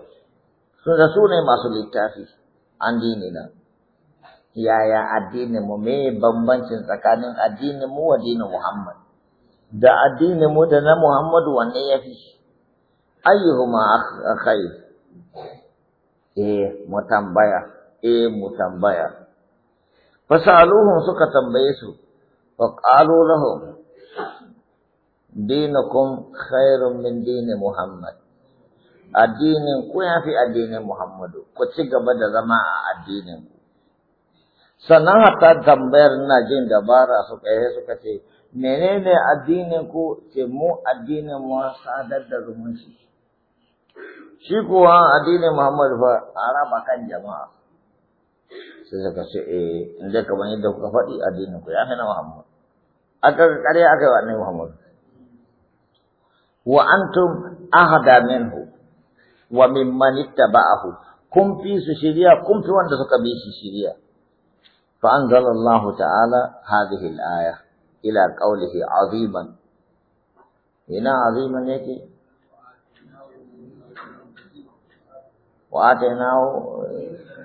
su da su ne masu littafi an na yaya addinin mu me bambancin tsakanin addinin mu wa dinin Muhammad da addinin mu da na Muhammadu wanne ya fi ayyuhuma ma eh mu tambaya eh mu tambaya fasaluhum suka tambaye su wa qalu lahum dinukum khairun min dini Muhammad addinin ku ya fi addinin Muhammadu ku ci gaba da zama a addinin ku sannan hatta tambayar na jin dabara suka yi suka ce menene addinin ku ce mu addinin mu sadar da zumunci shi kuwa addinin Muhammad fa araba kan jama'a sai suka ce eh inda kamar yadda kuka faɗi addinin ku ya fi na Muhammad aka ƙarya aka yi wa annabi Muhammad wa antum ahada minhu wa mimman ittaba'ahu kun fi su shiriya kun fi wanda suka bi shi shiriya fa anzalallahu ta'ala hadhihi al-ayah ila qawlihi aziman ina aziman yake wa atainahu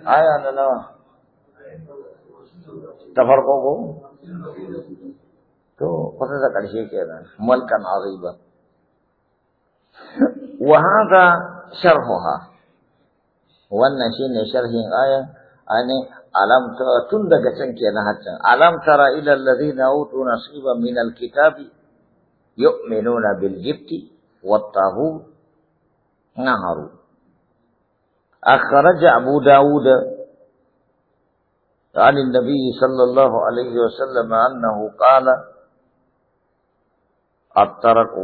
aya na nawa ta ko to kwata da karshe kenan mulkan aziman wa hadha sharhuha wannan shine sharhin aya ani alam tara tun daga can kenan haccan alam tara ila alladhina utu nasiba min alkitab yu'minuna bil jibti wat tahu naharu akhraj abu daud عن النبي صلى الله عليه وسلم أنه قال الترق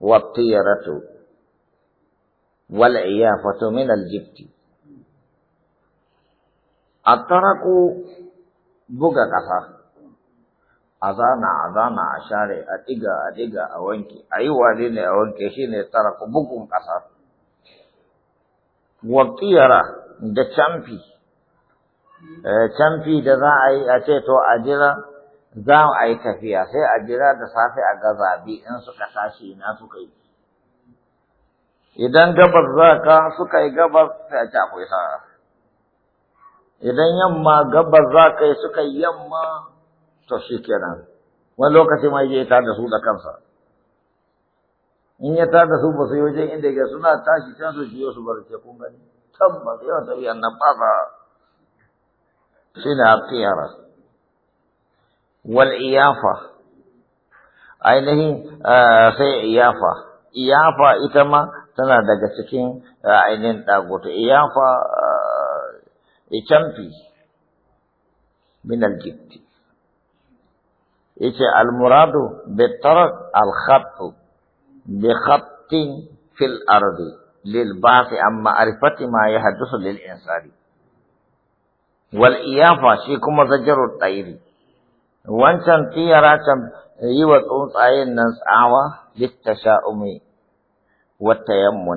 والطيرة والعيافة من الجبت Ataraku buga ƙasa, a zana, a zana, a share, a ɗiga, a ɗiga, a wanke, a yi wane ne a wanke shi ne taraku bugun ƙasa. Waƙiyara da camfi, eh, camfi da za a yi a ce to a jira za a yi tafiya sai a jira da safe a ga zabi in su tashi na suka yi. Idan gabas za ka suka yi gabas sai a ce akwai sa'a. idan yamma gabar za ka yi suka yamma to shi kenan wani lokaci ma ya ta da su da kansa in ya ta da su ba su yi wajen inda ya suna tashi can su jiyo su bar ke kun gani tabbas yi tafiya na ba shi na kiyara wal iyafa ainihin eh, sai iyafa iyafa ita ma tana daga cikin eh, ainihin ɗagutu iyafa ايتمبي من الجد ايتي المراد بالطرق الخط بخط في الارض للبعث اما معرفه ما يحدث للانسان والايافا شي كما زجر الطير وان كان تيارا كان يوت اونت ناس اوا للتشاؤم والتيمم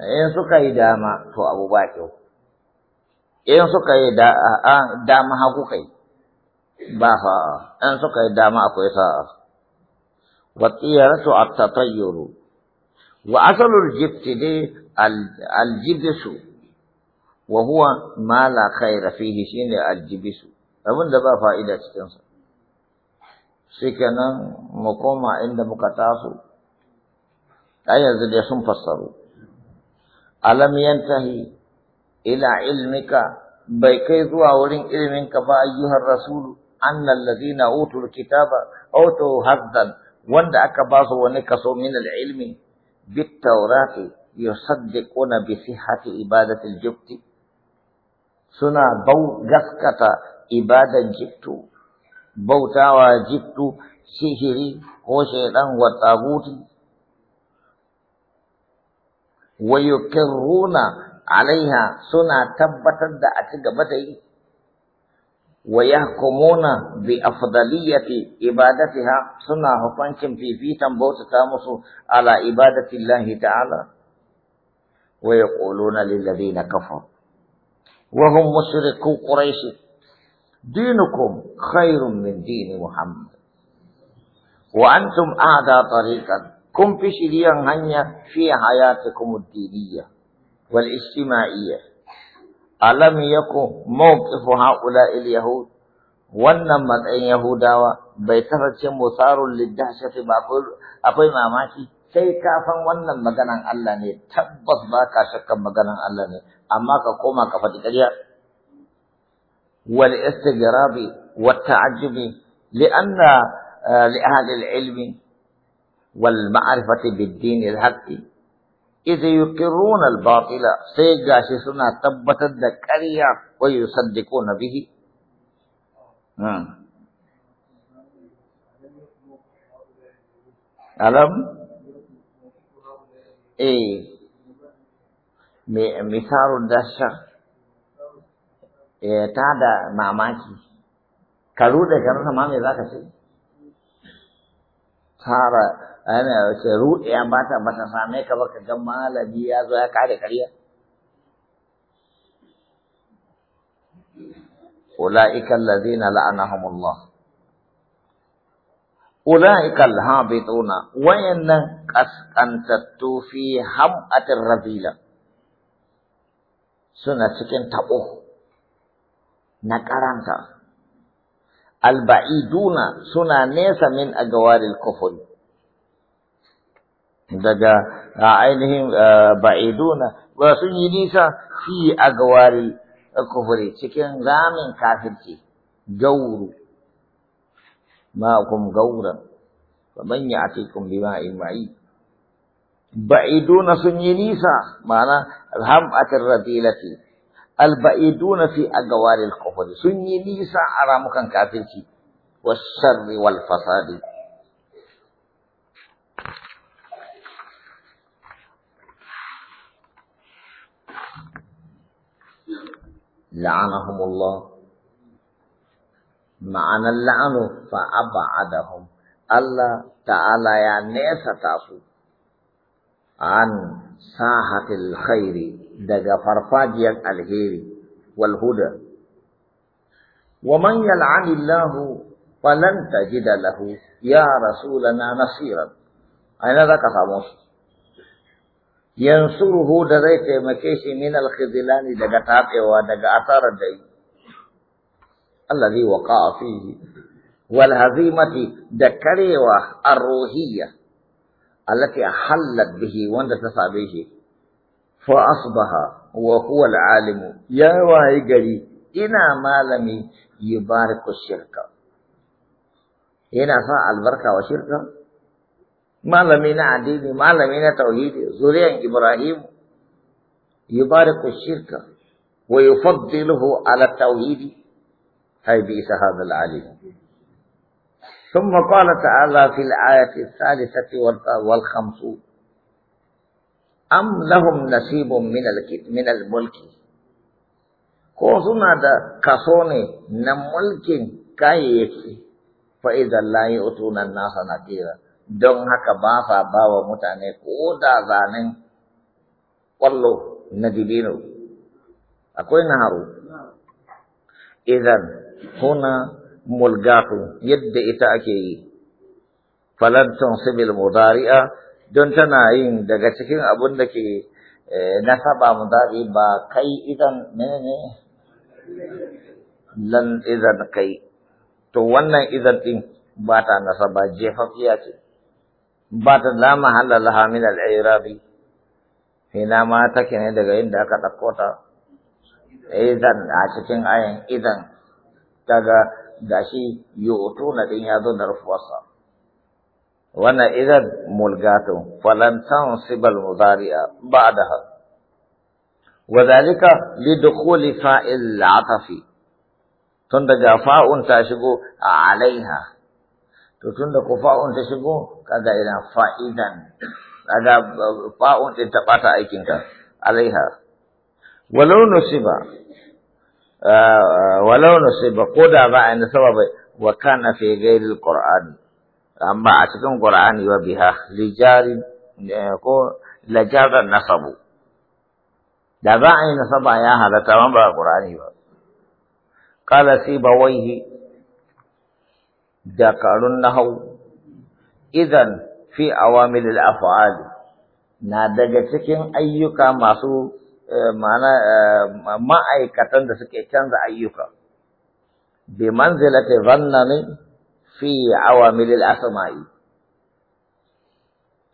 ان سو كاي داما تو ابو باكر in suka yi dama haku kai ba sa'a in suka yi dama akwai sa'a wa su a tatayyuru wa asalin jifti ne aljibisu wa huwa ma la rafi shi shine aljibisu abin da ba fa'ida cikin Shi kenan mu koma inda muka taso ɗaya yanzu dai sun fassaru alam yantahi إلى علمك بكيف أول علمك فأيها الرسول أن الذين أوتوا الكتاب أوتوا حقا وند أكباظ ونكسوا من العلم بالتوراة يصدقون بصحة إبادة الجبت سنا بو غسكتا إبادة الجبت بو تاوى جبت سيهري وشيطان وطابوت ويكرون عليها سنة تبتد أتج بدي ويحكمون بأفضلية إبادتها سنة حكم في في تنبوت تامس على إبادة الله تعالى ويقولون للذين كفروا وهم مشركو قريش دينكم خير من دين محمد وأنتم أعدى طريقا كم في شريان هنيا في حياتكم الدينية والاجتماعية ألم يكن موقف هؤلاء اليهود وأن من أن يهودا بيتر مثار للدهشة ما أقول أقول ما ماشي سي كافا وأن مجانا الله ني تبص باكا شكا مجانا الله ني أما كقوما كفتك يا والاستجراب والتعجب لأن آه، لأهل العلم والمعرفة بالدين الحق إذ يقرون الباطل سيجاش سنة تبتت ذكريا ويصدقون به نعم. ألم إيه مثال الدشة إيه تعدى مع ماكي كالودة كانت rasa ma صار ana wace ruɗe ba bata ba same ka baka ka ga malami ya zo ya kare kariya ulaika allazina Allah ulaika alhabituna wayannan qasqantatu fi hamatir razila suna cikin tabo na karanta alba'iduna suna nesa min agawaril kufuri daga ainihin ba'iduna ba sun yi nisa fi agwari kufuri cikin zamin kafirci gauru ma kum gauran fa man ya'tikum bima'in ma'i ba'iduna sun yi nisa ma'ana alhamatir radilati alba'iduna fi agwari kufuri sun yi nisa a ramukan kafirci والشر والفساد لعنهم الله معنى اللعن فأبعدهم الله تعالى يا نيسا تاسو عن ساحة الخير دقى فرفاجيا الخير والهدى ومن يلعن الله فلن تجد له يا رسولنا نصيرا أين ذاك ساموس yansuruhu da zai taimake shi min al daga tafewa daga asarar da yi allazi waqa'a fihi wal hazimati da karewa ar-ruhiyya allati halat bihi wanda ta sabe shi fa asbaha wa huwa al ya wayi gari ina malami yubarku shirka yana sa albarka wa shirka ما معلمين عديد معلمين توحيد زوريا إبراهيم يبارك الشرك ويفضله على التوحيد هاي بيس هذا العليم ثم قال تعالى في الآية الثالثة والخمسون أم لهم نصيب من من الملك كوزنا دا كاسوني نملك كاي فإذا لا يؤتون الناس نكيرا don haka ba sa ba wa mutane ko da zanen ƙwallo na dibino akwai na haru idan huna mulgatu yadda ita ake yi falantun sibil mudari'a don tana yin daga cikin abun da ke eh, nasaba mudari ba kai idan menene lan idan kai to wannan idan din ba ta nasaba jefafiya ce bata da la mahalla laha ma take ne daga inda aka dauko ta idan a cikin ayan idan daga gashi na ɗin ya zo da rufuwarsa wannan idan mulgatu falan tansibal mudari'a ba'daha la'atafi tun daga fa'un ta shigo a alaiha to tun da ku fa'un ta shigo kaga ina fa'idan kaga eh, fa'un din ta ɓata aikinka alaiha walau nusiba eh, walau nusiba ko da ba a nasaba ba wa kana fi ghairil qur'an amma a cikin qur'ani wa biha lijari eh, ko lajaran nasabu da ba a yi nasaba ya halatta ba ba qur'ani ba qala sibawaihi dakarun nahau idan fi awamilil af'ali na daga cikin ayyuka masu eh, ma'ana eh, ma'aikatan da suke canza ayyuka bi manzilati zannani fi al asma'i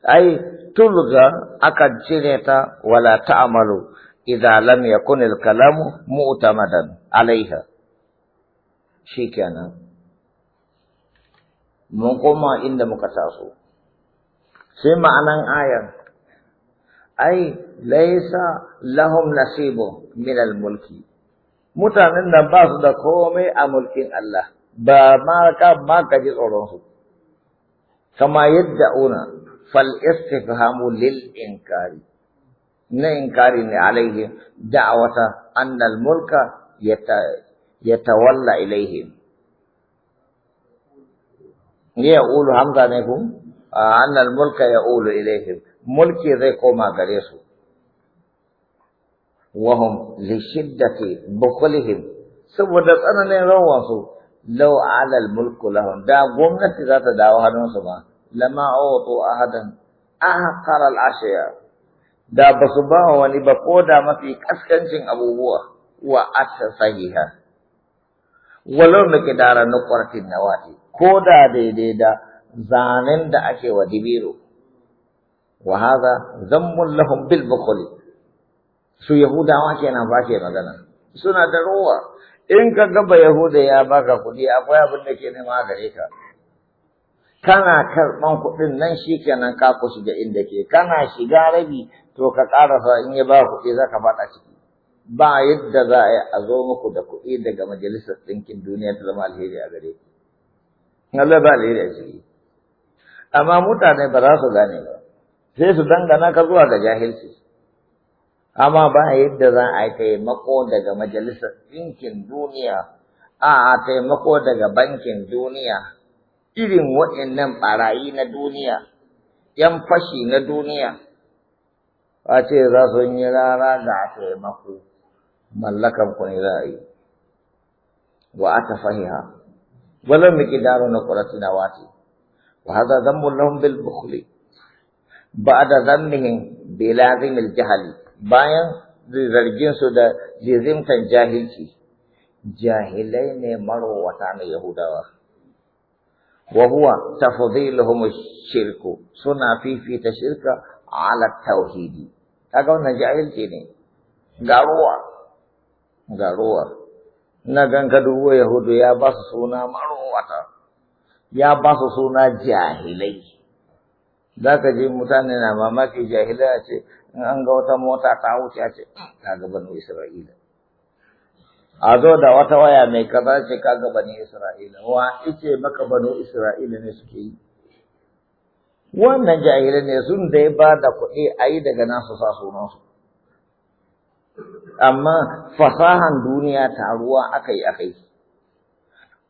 ai tulga akan cire ta wala ta'malu idza lam yakun al kalamu mu'tamadan alaiha shikenan mun koma inda muka taso sai ma'anan ayan ai laisa lahum nasibu min mulki mutanen nan ba su da komai a mulkin Allah ba ma ka ma ka ji tsoron su kama yadda una fal istifhamu lil inkari na inkari ne alaihi da'awata annal mulka yata yatawalla ilaihim ya ulu hamza ne ku annal mulka ya ulu ilaihim mulki zai koma gare su hum li shiddati bukhlihim saboda tsananin rawan su law ala al mulku lahum da gwamnati za ta dawo hannun su ba lama awtu ahadan ahqar al ashiya da ba su ba wani ba ko da mafi kaskancin abubuwa wa sahiha walau miqdara nuqratin nawati ko da daidai da zanen da ake wa dibiro wahaza hadha zammun lahum bil bukhli su yahudawa kenan ba ke magana suna da rowa in ka gaba yahuda ya baka kuɗi akwai abin da ke nema gare ka kana karɓan kuɗin nan shi kenan ka ku shiga inda ke kana shiga rabi to ka ƙarasa in ya ba kuɗi za ka faɗa ciki ba yadda za a zo muku da kuɗi daga majalisar ɗinkin duniya ta zama alheri a gare ku Allah ba alheri shi ciki amma mutane ba za su gane ba sai su dangana ka zuwa ga jahilci amma ba yadda za a yi taimako daga majalisar ɗinkin duniya a taimako daga bankin duniya irin waɗannan ɓarayi na duniya ‘yan fashi na duniya a ce za su yi rara ga taimako mallakan ku ne za a yi wa aka fahiha ولو مقدار نقرة نواتي وهذا ذنب لهم بالبخل بعد ذنبهم بلازم الجهل باين zargin su da zizimtan jahilci jahilai ne marowata na yahudawa wa huwa tafdhiluhum shirku suna fifita shirka ala tauhidi kaga wannan jahilci ne Ina gan ka dubo yahudu ya ba su suna marowata ya ba su suna jahilai za ka je mutane na mamaki jahilai a ce in an ga wata mota ta wuce a ce ka gaba banu isra'ila a zo da wata waya mai kaza ce ka gaba isra'ila wa ice maka banu isra'ila ne suke yi wannan jahilai ne sun dai ba da kuɗi a yi daga nasu sa sunansu amma fasahan duniya taruwa akai-akai,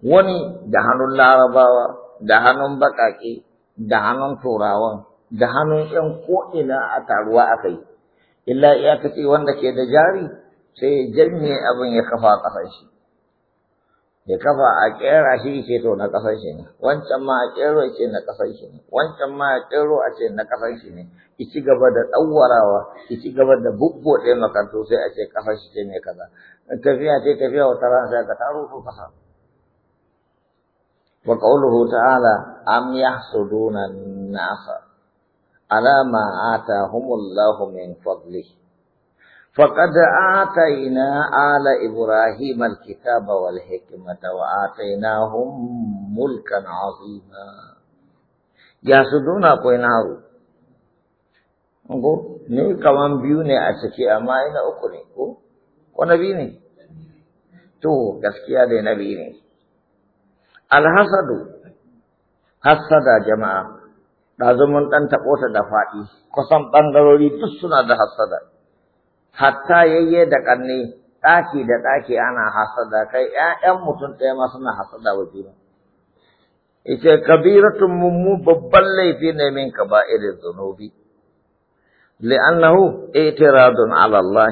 wani da hannun larabawa da hannun baƙaƙe da hannun turawa da hannun ƴan ko'ina a taruwa illa illa ta ce wanda ke da jari sai ya janye abin ya kafa ƙasar shi ya kafa a kera shi ce to na kasar shi ne wancan ma a kero ce na kasar shi ne wancan ma a kero a ce na kasar shi ne ki ci gaba da tsawarawa ki ci gaba da bubbo ɗaya makanto sai a ce kasar shi ce mai kaza tafiya ce tafiya wata rana sai ka taro ko kasa wa qauluhu ta'ala am yahsuduna an-nasa ala ma atahumullahu min fadlihi فقد آتينا آل إبراهيم الكتاب والحكمة وآتيناهم ملكا عظيما ياسدون أكوين هارو Ngo, ni kaman biyu ne a ciki amma ina uku ne, ko? Ko nabi ne? To, gaskiya dai nabi ne. Alhasadu, hassada jama'a, ɗazu mun ɓota da faɗi, kusan ɓangarori duk suna da hassada. hatta yayye da ƙanne ɗaki da ɗaki ana hasada kai ƴaƴan mutum ɗaya ma suna hasada wa juna yace kabiratun mummu babban laifi ne min kaba'ir dhunubi li'annahu i'tiradun 'ala Allah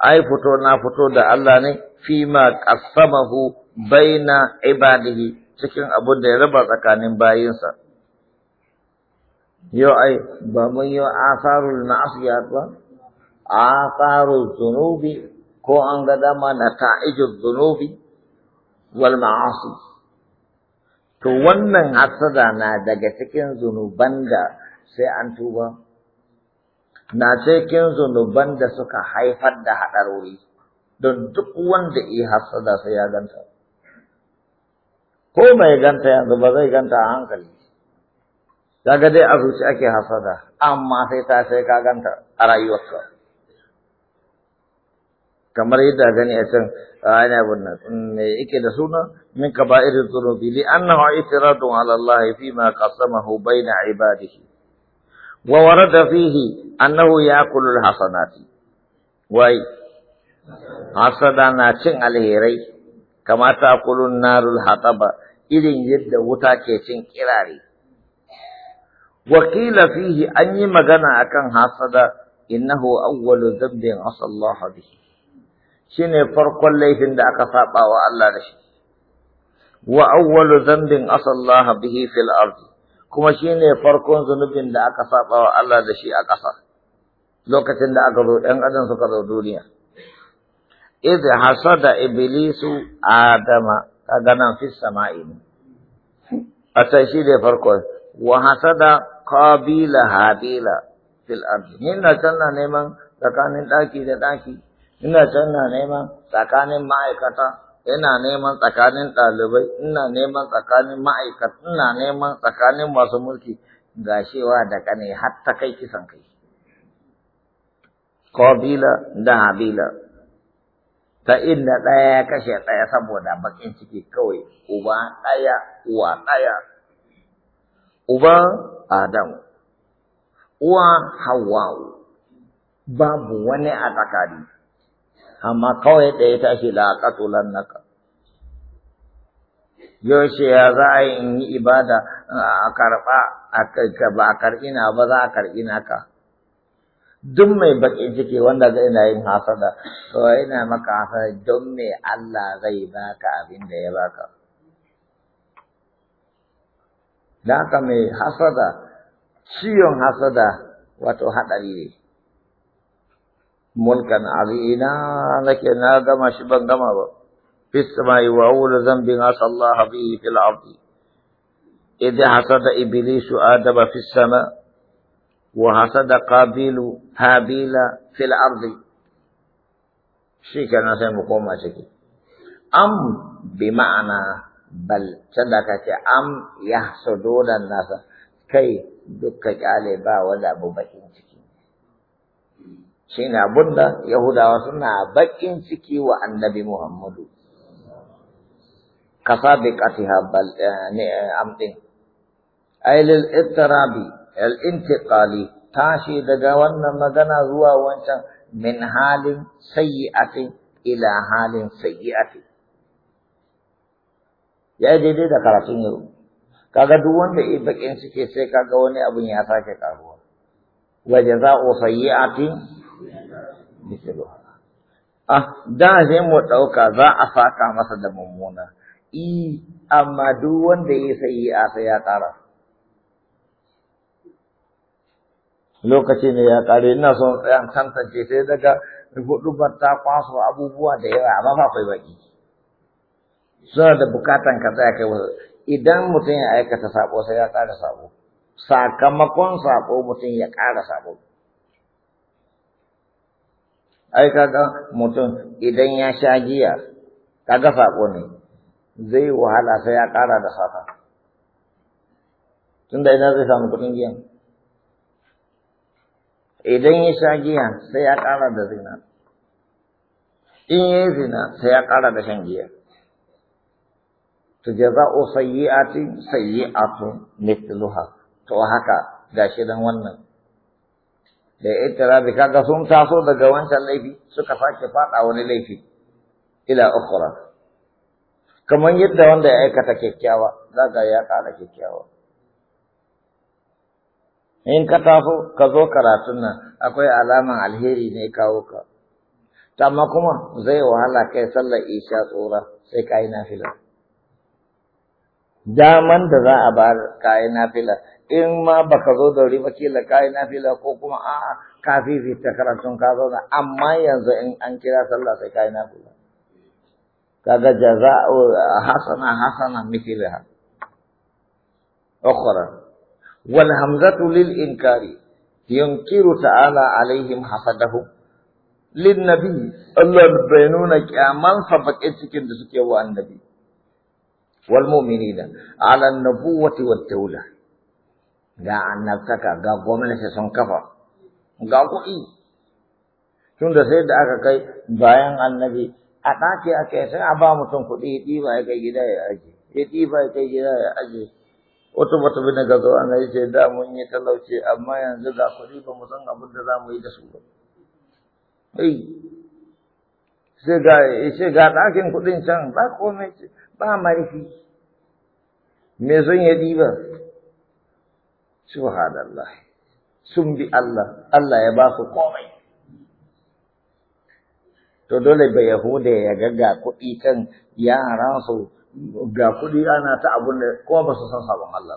ai fito na fito da Allah ne fi ma qassamahu baina ibadihi cikin abun da ya raba tsakanin bayinsa yau ai ba mun yi asarul ma'asiyat ba Aa, atharu zunubi ko an ga dama nata'iju zunubi wal ma'asi to wannan hasada na daga cikin zunuban da sai an tuba na cikin zunuban da suka haifar da haɗarori don duk wanda iya hasada sai ya ganta ko mai ganta yanzu ba zai ganta a hankali kaga dai a zuci ake hasada amma sai ta sai ka ganta a rayuwarka kamar yadda gani a can ana bunna mm, me yake da suna min kaba'ir dhunubi li annahu i'tiradun 'ala Allah fi ma qasamahu baina 'ibadihi wa warada fihi annahu ya'kulu al-hasanati wai hasada na cin alherai kamata kulun narul hataba irin yadda wuta ke cin kirare wakila fihi an yi magana akan hasada innahu awwalu dhanbin asalla bihi shine farkon laifin da aka saba wa Allah da shi wa awwalu dhanbin asallaha bihi fil ardi kuma shine farkon zunubin da aka saba wa Allah da shi a ƙasa lokacin da aka zo ɗan adam suka zo duniya idh hasada iblisu adama kaga nan fi sama'i a can shi ne farkon wa hasada qabila habila fil ardi ni na can na neman tsakanin ɗaki da ɗaki ina can na neman tsakanin ma'aikata ina neman tsakanin ɗalibai ina neman tsakanin ma'aikata ina neman tsakanin masu mulki gashewa da kane har ta kai kisan kai kobila da Habila ta inda ɗaya ya kashe ɗaya saboda bakin ciki kawai uba ɗaya uwa ɗaya uba adamu uwa hawa babu wani a tsakani amma kawai da ya tashi laƙatulan naka yaushe ya za a yi in yi ibada a karɓa a ba a karɓi na ba za a karɓi naka duk mai baƙin ciki wanda zai na yin hasada to ina maka hasada don me Allah zai baka abin da ya baka da haka mai hasada ciwon hasada wato haɗari ne mulkan ali ina nake na gama shi ban gama ba fi samai wa awwal dhanbin asallaha bihi fil ardi idh hasada iblisu adama fi sama wa hasada qabilu habila fil ardi shi kana sai mu koma ciki am bi ma'ana bal sadaka ce am yahsuduna nasa kai dukkan kyale ba wanda abu bakin shi abunda Yahudawa suna bakin ciki wa annabi Muhammadu. Kasa bal ƙatiha eh, eh, amɗin. Ailil ittirabi, intiqali tashi daga wannan magana zuwa wancan min halin sayyi'ati ila halin sayyi'ati Ya daidai da karatun yau. Kaga duk wanda ya bakin ciki sai kaga wani abun ya sake karuwa. Wa jaza'u sayyi'atin misaluha ah da zai mu ɗauka za a saka masa da mummuna i amma duk wanda ya sayi a sai ya ƙara lokaci ne ya ƙare ina son tsayan tantance sai daga hudubar ta kwaso abubuwa da yawa amma fa kai baki suna da bukatan ka tsaya kai wasu idan mutum ya aikata sabo sai ya ƙara sabo sakamakon sabo mutum ya ƙara sabo ai kaga mutum idan ya sha giya kaga sako ne zai wahala sai ya ƙara da saka tunda ina zai samu kuɗin giyan idan ya sha giya sai ya ƙara da zina in ya yi zina sai ya ƙara da shan giya to jaza'u sayyi'atin sayyi'atun mithluha to haka gashi dan wannan da da kaga sun taso daga wancan laifi suka sake faɗa wani laifi ila ukhra kaman yadda wanda ya aikata kyakkyawa zaga ya kara kyakkyawa in ka taso ka zo karatun nan akwai alaman alheri ne kawo ka amma kuma zai wahala kai sallar isha tsora sai ka yi nafila daman da za a bar ka yi nafila in ma baka zo da wuri ba kila kai fila ko kuma a'a ka fifita karatun ka zauna amma yanzu in an kira sallah sai kai nafila kaga jaza'u hasana hasana mithliha ukhra wal hamzatu lil inkari yunkiru ta'ala alaihim hasadahum lin nabi Allah bai nuna kyaman sa bakin cikin da suke wa annabi wal mu'minina ala an-nubuwati wat-taulah ga annabtaka ga gwamnati sun kafa ga kuɗi tun da sai da aka kai bayan annabi a ɗaki a kai sai a ba mutum kuɗi ya ɗiba ya kai gida ya aje ya ɗiba ya kai gida ya aje wata wata na ga zo ana yace da mun yi talauci amma yanzu ga kuɗi ba mu san abin da za mu yi da su ba ai sai ga sai ga ɗakin kuɗin can ba komai ba marifi me zan ya ɗiba subhanallah sun bi Allah Allah ya ba su komai to dole bai yahuda ya ga ga kuɗi kan yaran su ga kuɗi ana ta abun da kuma ba su san sabon Allah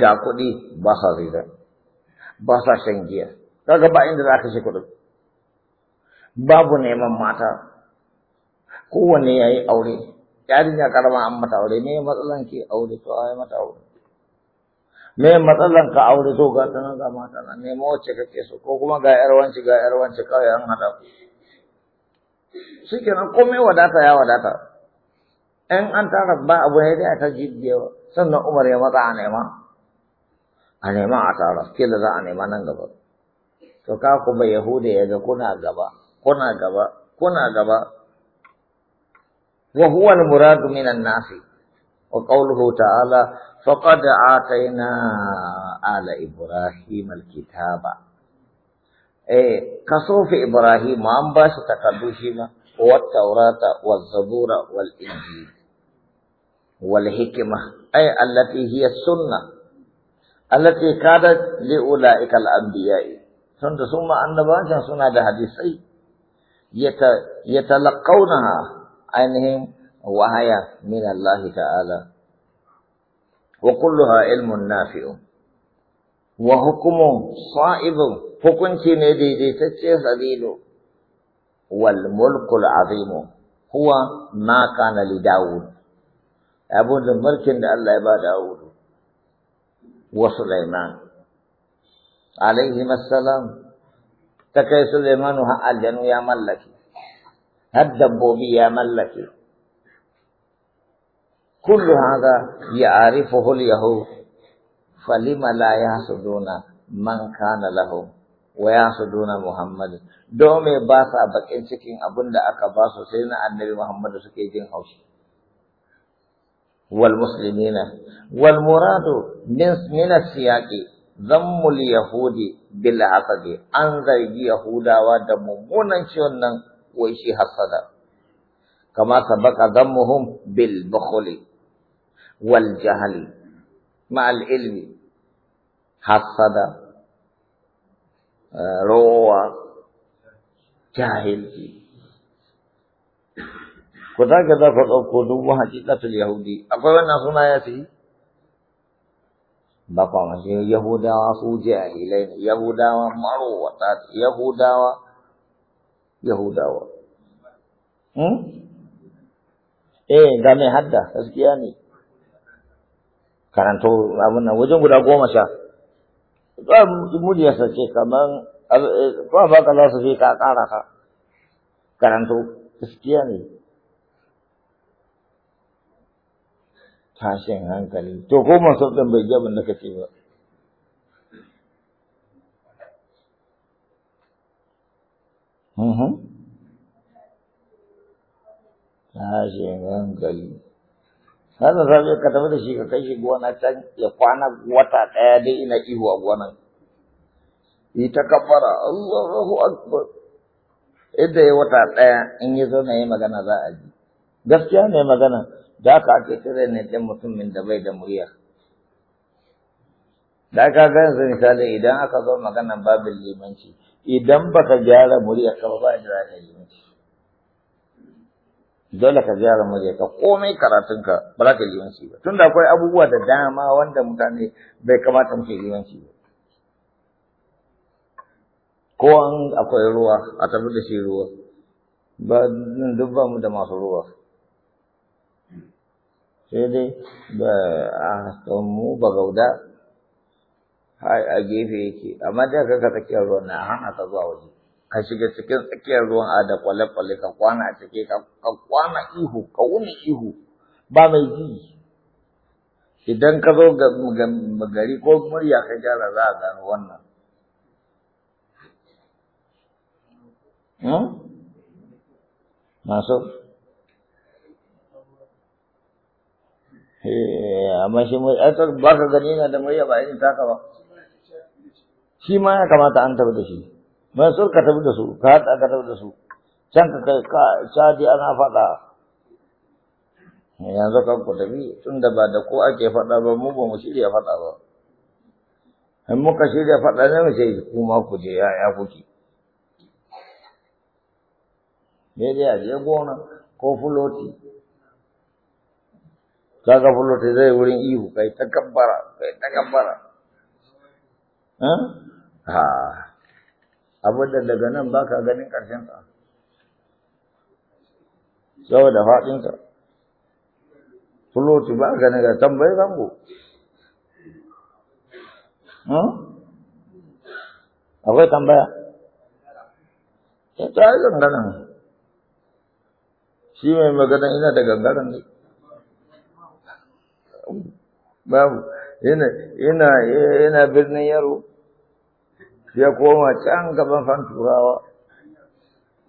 ga kuɗi ba sa rida, ba sa shan giya kaga ba inda za ka shi kuɗin babu neman mata kowanne ya yi aure yarinya karama an mata aure ne matsalan ke aure to ai mata aure me matsalan ka aure so ga tana ga mata na nemo wacce kake so ko kuma ga yar wanci ga yar wanci kawai an hada ku shikenan komai wadata ya wadata in an tara ba abu ne dai ji jibgewa sannan Umar ya matsa a nema a nema a tara da za a nema nan gaba to ka ku yahuda ya ga kuna gaba kuna gaba kuna gaba min an-nasi wa qawluhu ta'ala فقد آتينا آل إبراهيم الكتاب إيه، كصوف إبراهيم عم باش تقدوشيما والتوراة والزبور والإنجيل والحكمة أي التي هي السنة التي كانت لأولئك الأنبياء سنت ثم أن سنة حديثي يتلقونها عنهم وهي من الله تعالى وكلها علم نافع وحكم صائب حكم شيء دي دي والملك العظيم هو ما كان لداود أبو الملك الله يبا داود وسليمان عليهما السلام تكي سليمان الجنو يا ملكي هدبوا بي يا ملكي كل هذا يعرفه اليهود فلما لا يحسدون من كان له ويحسدون محمد دومي باسا بكين سكين أبن دا أكا باسو سينا النبي محمد سكي جن حوشي والمسلمين والمراد من السياق ذم اليهود بالحسد أنظر يهودا ودم شونا ويشي حسدا كما سبق ذمهم بالبخل wal jahali ma'al ilmi hasada eh, rowa jahilci ku za ka za ku ɗauko dubu haƙiƙatul yahudi akwai wannan suna ya fi ba kwa mashi yahudawa wa jahilai yahuda wa yahuda wa hmm? eh dame hadda gaskiya ne karanto abin nan wajen guda goma sha ya sace kaman eh, ba ba ka za su fi ka kara ka karanto gaskiya ne tashin hankali to ko sau ɗin bai ji abin da kace ba mhm. tashin hankali Sada sabi ka tafi da shi ka kai shi gona can ya kwana wata ɗaya dai ina ihu a gonan. Yi ta kafara Allahu Akbar. Idda ya wata ɗaya in ya zo na yi magana za a ji. Gaskiya ne magana da aka ake cire ne ɗan mutumin da bai da murya. Da ka ga yanzu misali idan aka zo magana babin limanci idan baka gyara murya ka ba ba da ka limanci. dole ka gyara muryarka komai karatunka ba za ka limanci ba tunda akwai abubuwa da dama wanda mutane bai kamata muke limanci ba ko an akwai ruwa a tafi da shi ruwa ba nan duk ba mu da masu ruwa sai dai ba a mu ba gauda a gefe yake amma da ka ka tsakiyar ruwan na hana ta zuwa waje ka shiga cikin tsakiyar ruwan a da kwale-kwale ka kwana a ciki ka kwana ihu ka wuni ihu ba mai ji idan ka zo ga magari ko murya ka gyara za a gano wannan hmm? masu eh, amma shi mai ba ka gani na da murya ba irin taka ba shi ma ya kamata an tabbata shi mansur ka tafi da su ka haɗa ka tafi da su can ka kai ka caji ana faɗa eh, yanzu kan ku tafi tun da ba da ko ake faɗa ba mu ba mu shirya faɗa ba in muka shirya faɗa ne mu ce kuma ku je ya ya kuke ne dai a je gona ko fuloti kaga fuloti zai wurin ihu kai ta kabbara kai ta kabbara ha eh? ah. abinda da daga nan ba ka ganin ka? saboda faɗinsa fuloti ba ka ganin da tambayi zango hmm? akwai tambaya ta yi gangaren shi mai magana ina da gangaren ne babu ina birnin yaro ya koma can gaban fan turawa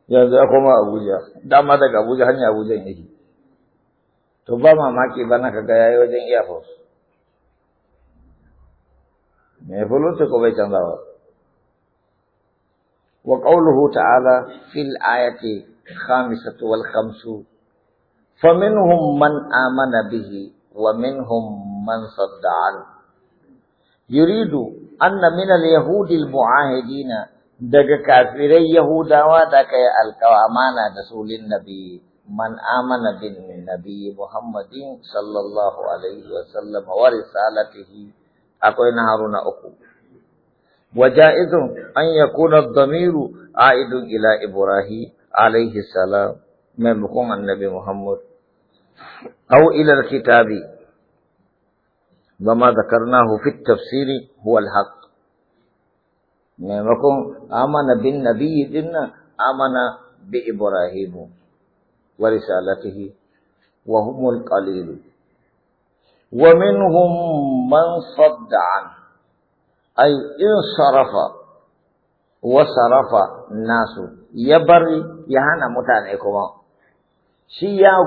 yanzu ya koma abuja dama daga abuja hanya abuja yake to ba mamaki ba na kaga yayi wajen airport me fulunta ko bai canza ba wa qawluhu ta'ala fil ayati khamisatu wal khamsu faminhum man amana bihi wa minhum man sadda yuridu أن من اليهود المعاهدين دك كافري يهودا ودك ألقوا أمانة رسول النبي من آمن بالنبي محمد صلى الله عليه وسلم ورسالته أكوين هارون أخو وجائز أن يكون الضمير عائد إلى إبراهيم عليه السلام من بقوم النبي محمد أو إلى الكتابي وما ذكرناه في التفسير هو الحق maimakon amana bin nabiyyi dinnan amana bi ibrahimu wa risalatihi wa humul qalil wa minhum man sadda an ay in sarafa wa sarafa nasu ya bari ya hana mutane kuma shi ya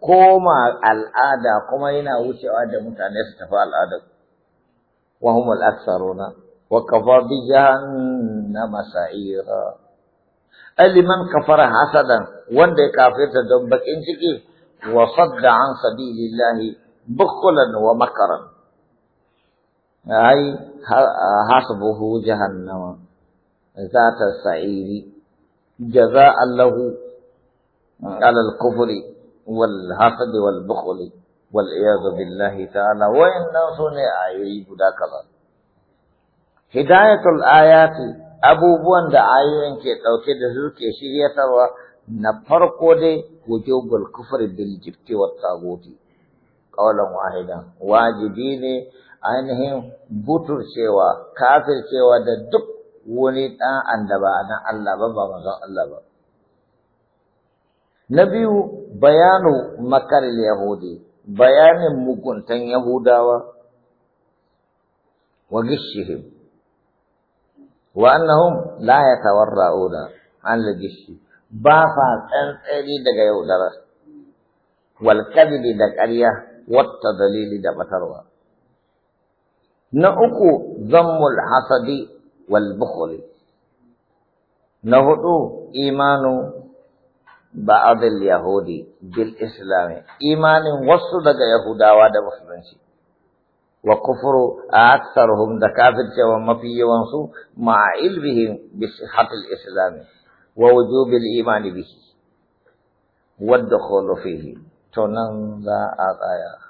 koma al'ada kuma yana wucewa da mutane su tafi al'adar wa hum al-aktharuna wa kafa bi jahannama sa'ira aliman kafara hasadan wanda ya kafirta don bakin ciki wa sadda an sabilillahi bukhlan wa makaran ai hasbuhu jahannama zata sa'iri jaza'an lahu ala al-kufri والحسد والبخل والعياذ بالله تعالى وإن نصنع عيوب ذاك هداية الآيات abubuwan da ayoyin ke ɗauke da su ke shiryatarwa na farko dai wujubul kufri bil jibti wa taguti wahida wahidan wajibi ne ainihin buturcewa kafircewa da duk wani ɗan annaba na Allah ba ba manzon Allah ba na biyu bayanu makaril yahudi bayanin muguntan yahudawa wa gishihim wa annahum la yatawarra'una an al-gishi ba fa tsantsari daga yaudara wal kadhibi da ƙarya wata dalili da batarwa na uku zammul hasadi wal bukhli na hudu imanu بعض اليهود بالإسلام إيمان وصدق يهودا ودا مسلمين وكفر أكثرهم دكافر وما في يوانسو مع علمهم بصحة الإسلام ووجوب الإيمان به والدخول فيه تننزع آية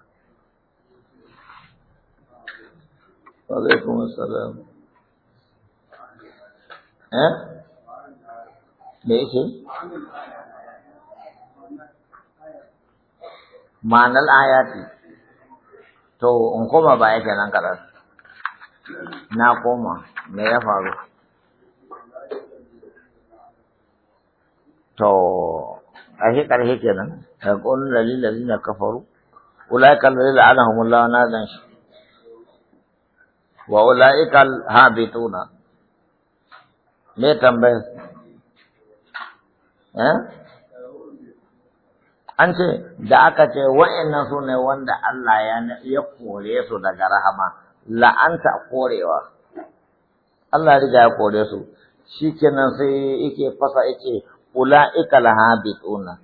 وعليكم السلام ها؟ ليش؟ ma'anar ayati to in koma baya kenan kaɗan na koma me ya faru to ashe ƙarshe kenan ka ƙonu lalilari na kafaru ula'ikal ana anahumullawa na zan shi wa ula'ikal habituna me tambayar eh an ce da aka ce wa'annan su ne wanda Allah ya kore su daga rahama la'anta korewa Allah riga ya kore su kenan sai yake fasa yake ula'ika lahabituna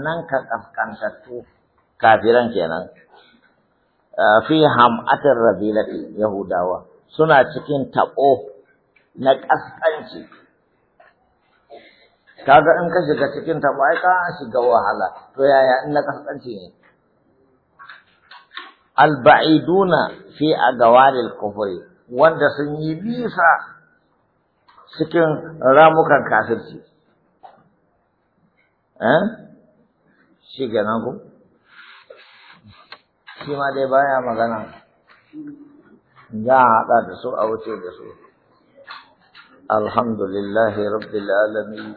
nan ka kaskantattu kafiran kenan fi hamatar rabilati yahudawa suna cikin taɓo na kaskanci kaga in ka shiga cikin ta ba ka shiga wahala to yaya in na kasance ne ba'iduna fi agawaril kufri wanda sun yi bisa cikin ramukan kafirci eh shi na ku shi ma dai baya magana ya a haɗa da su a wuce da su alhamdulillahi rabbil alamin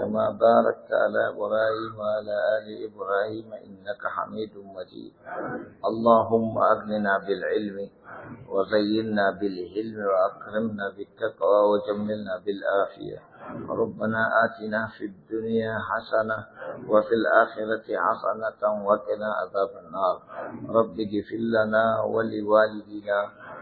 كما باركت على إبراهيم وعلى آل إبراهيم إنك حميد مجيد اللهم أغننا بالعلم وزينا بالهلم وأكرمنا بالتقوى وجملنا بالآفية ربنا آتنا في الدنيا حسنة وفي الآخرة حسنة وقنا عذاب النار رب اغفر لنا ولوالدينا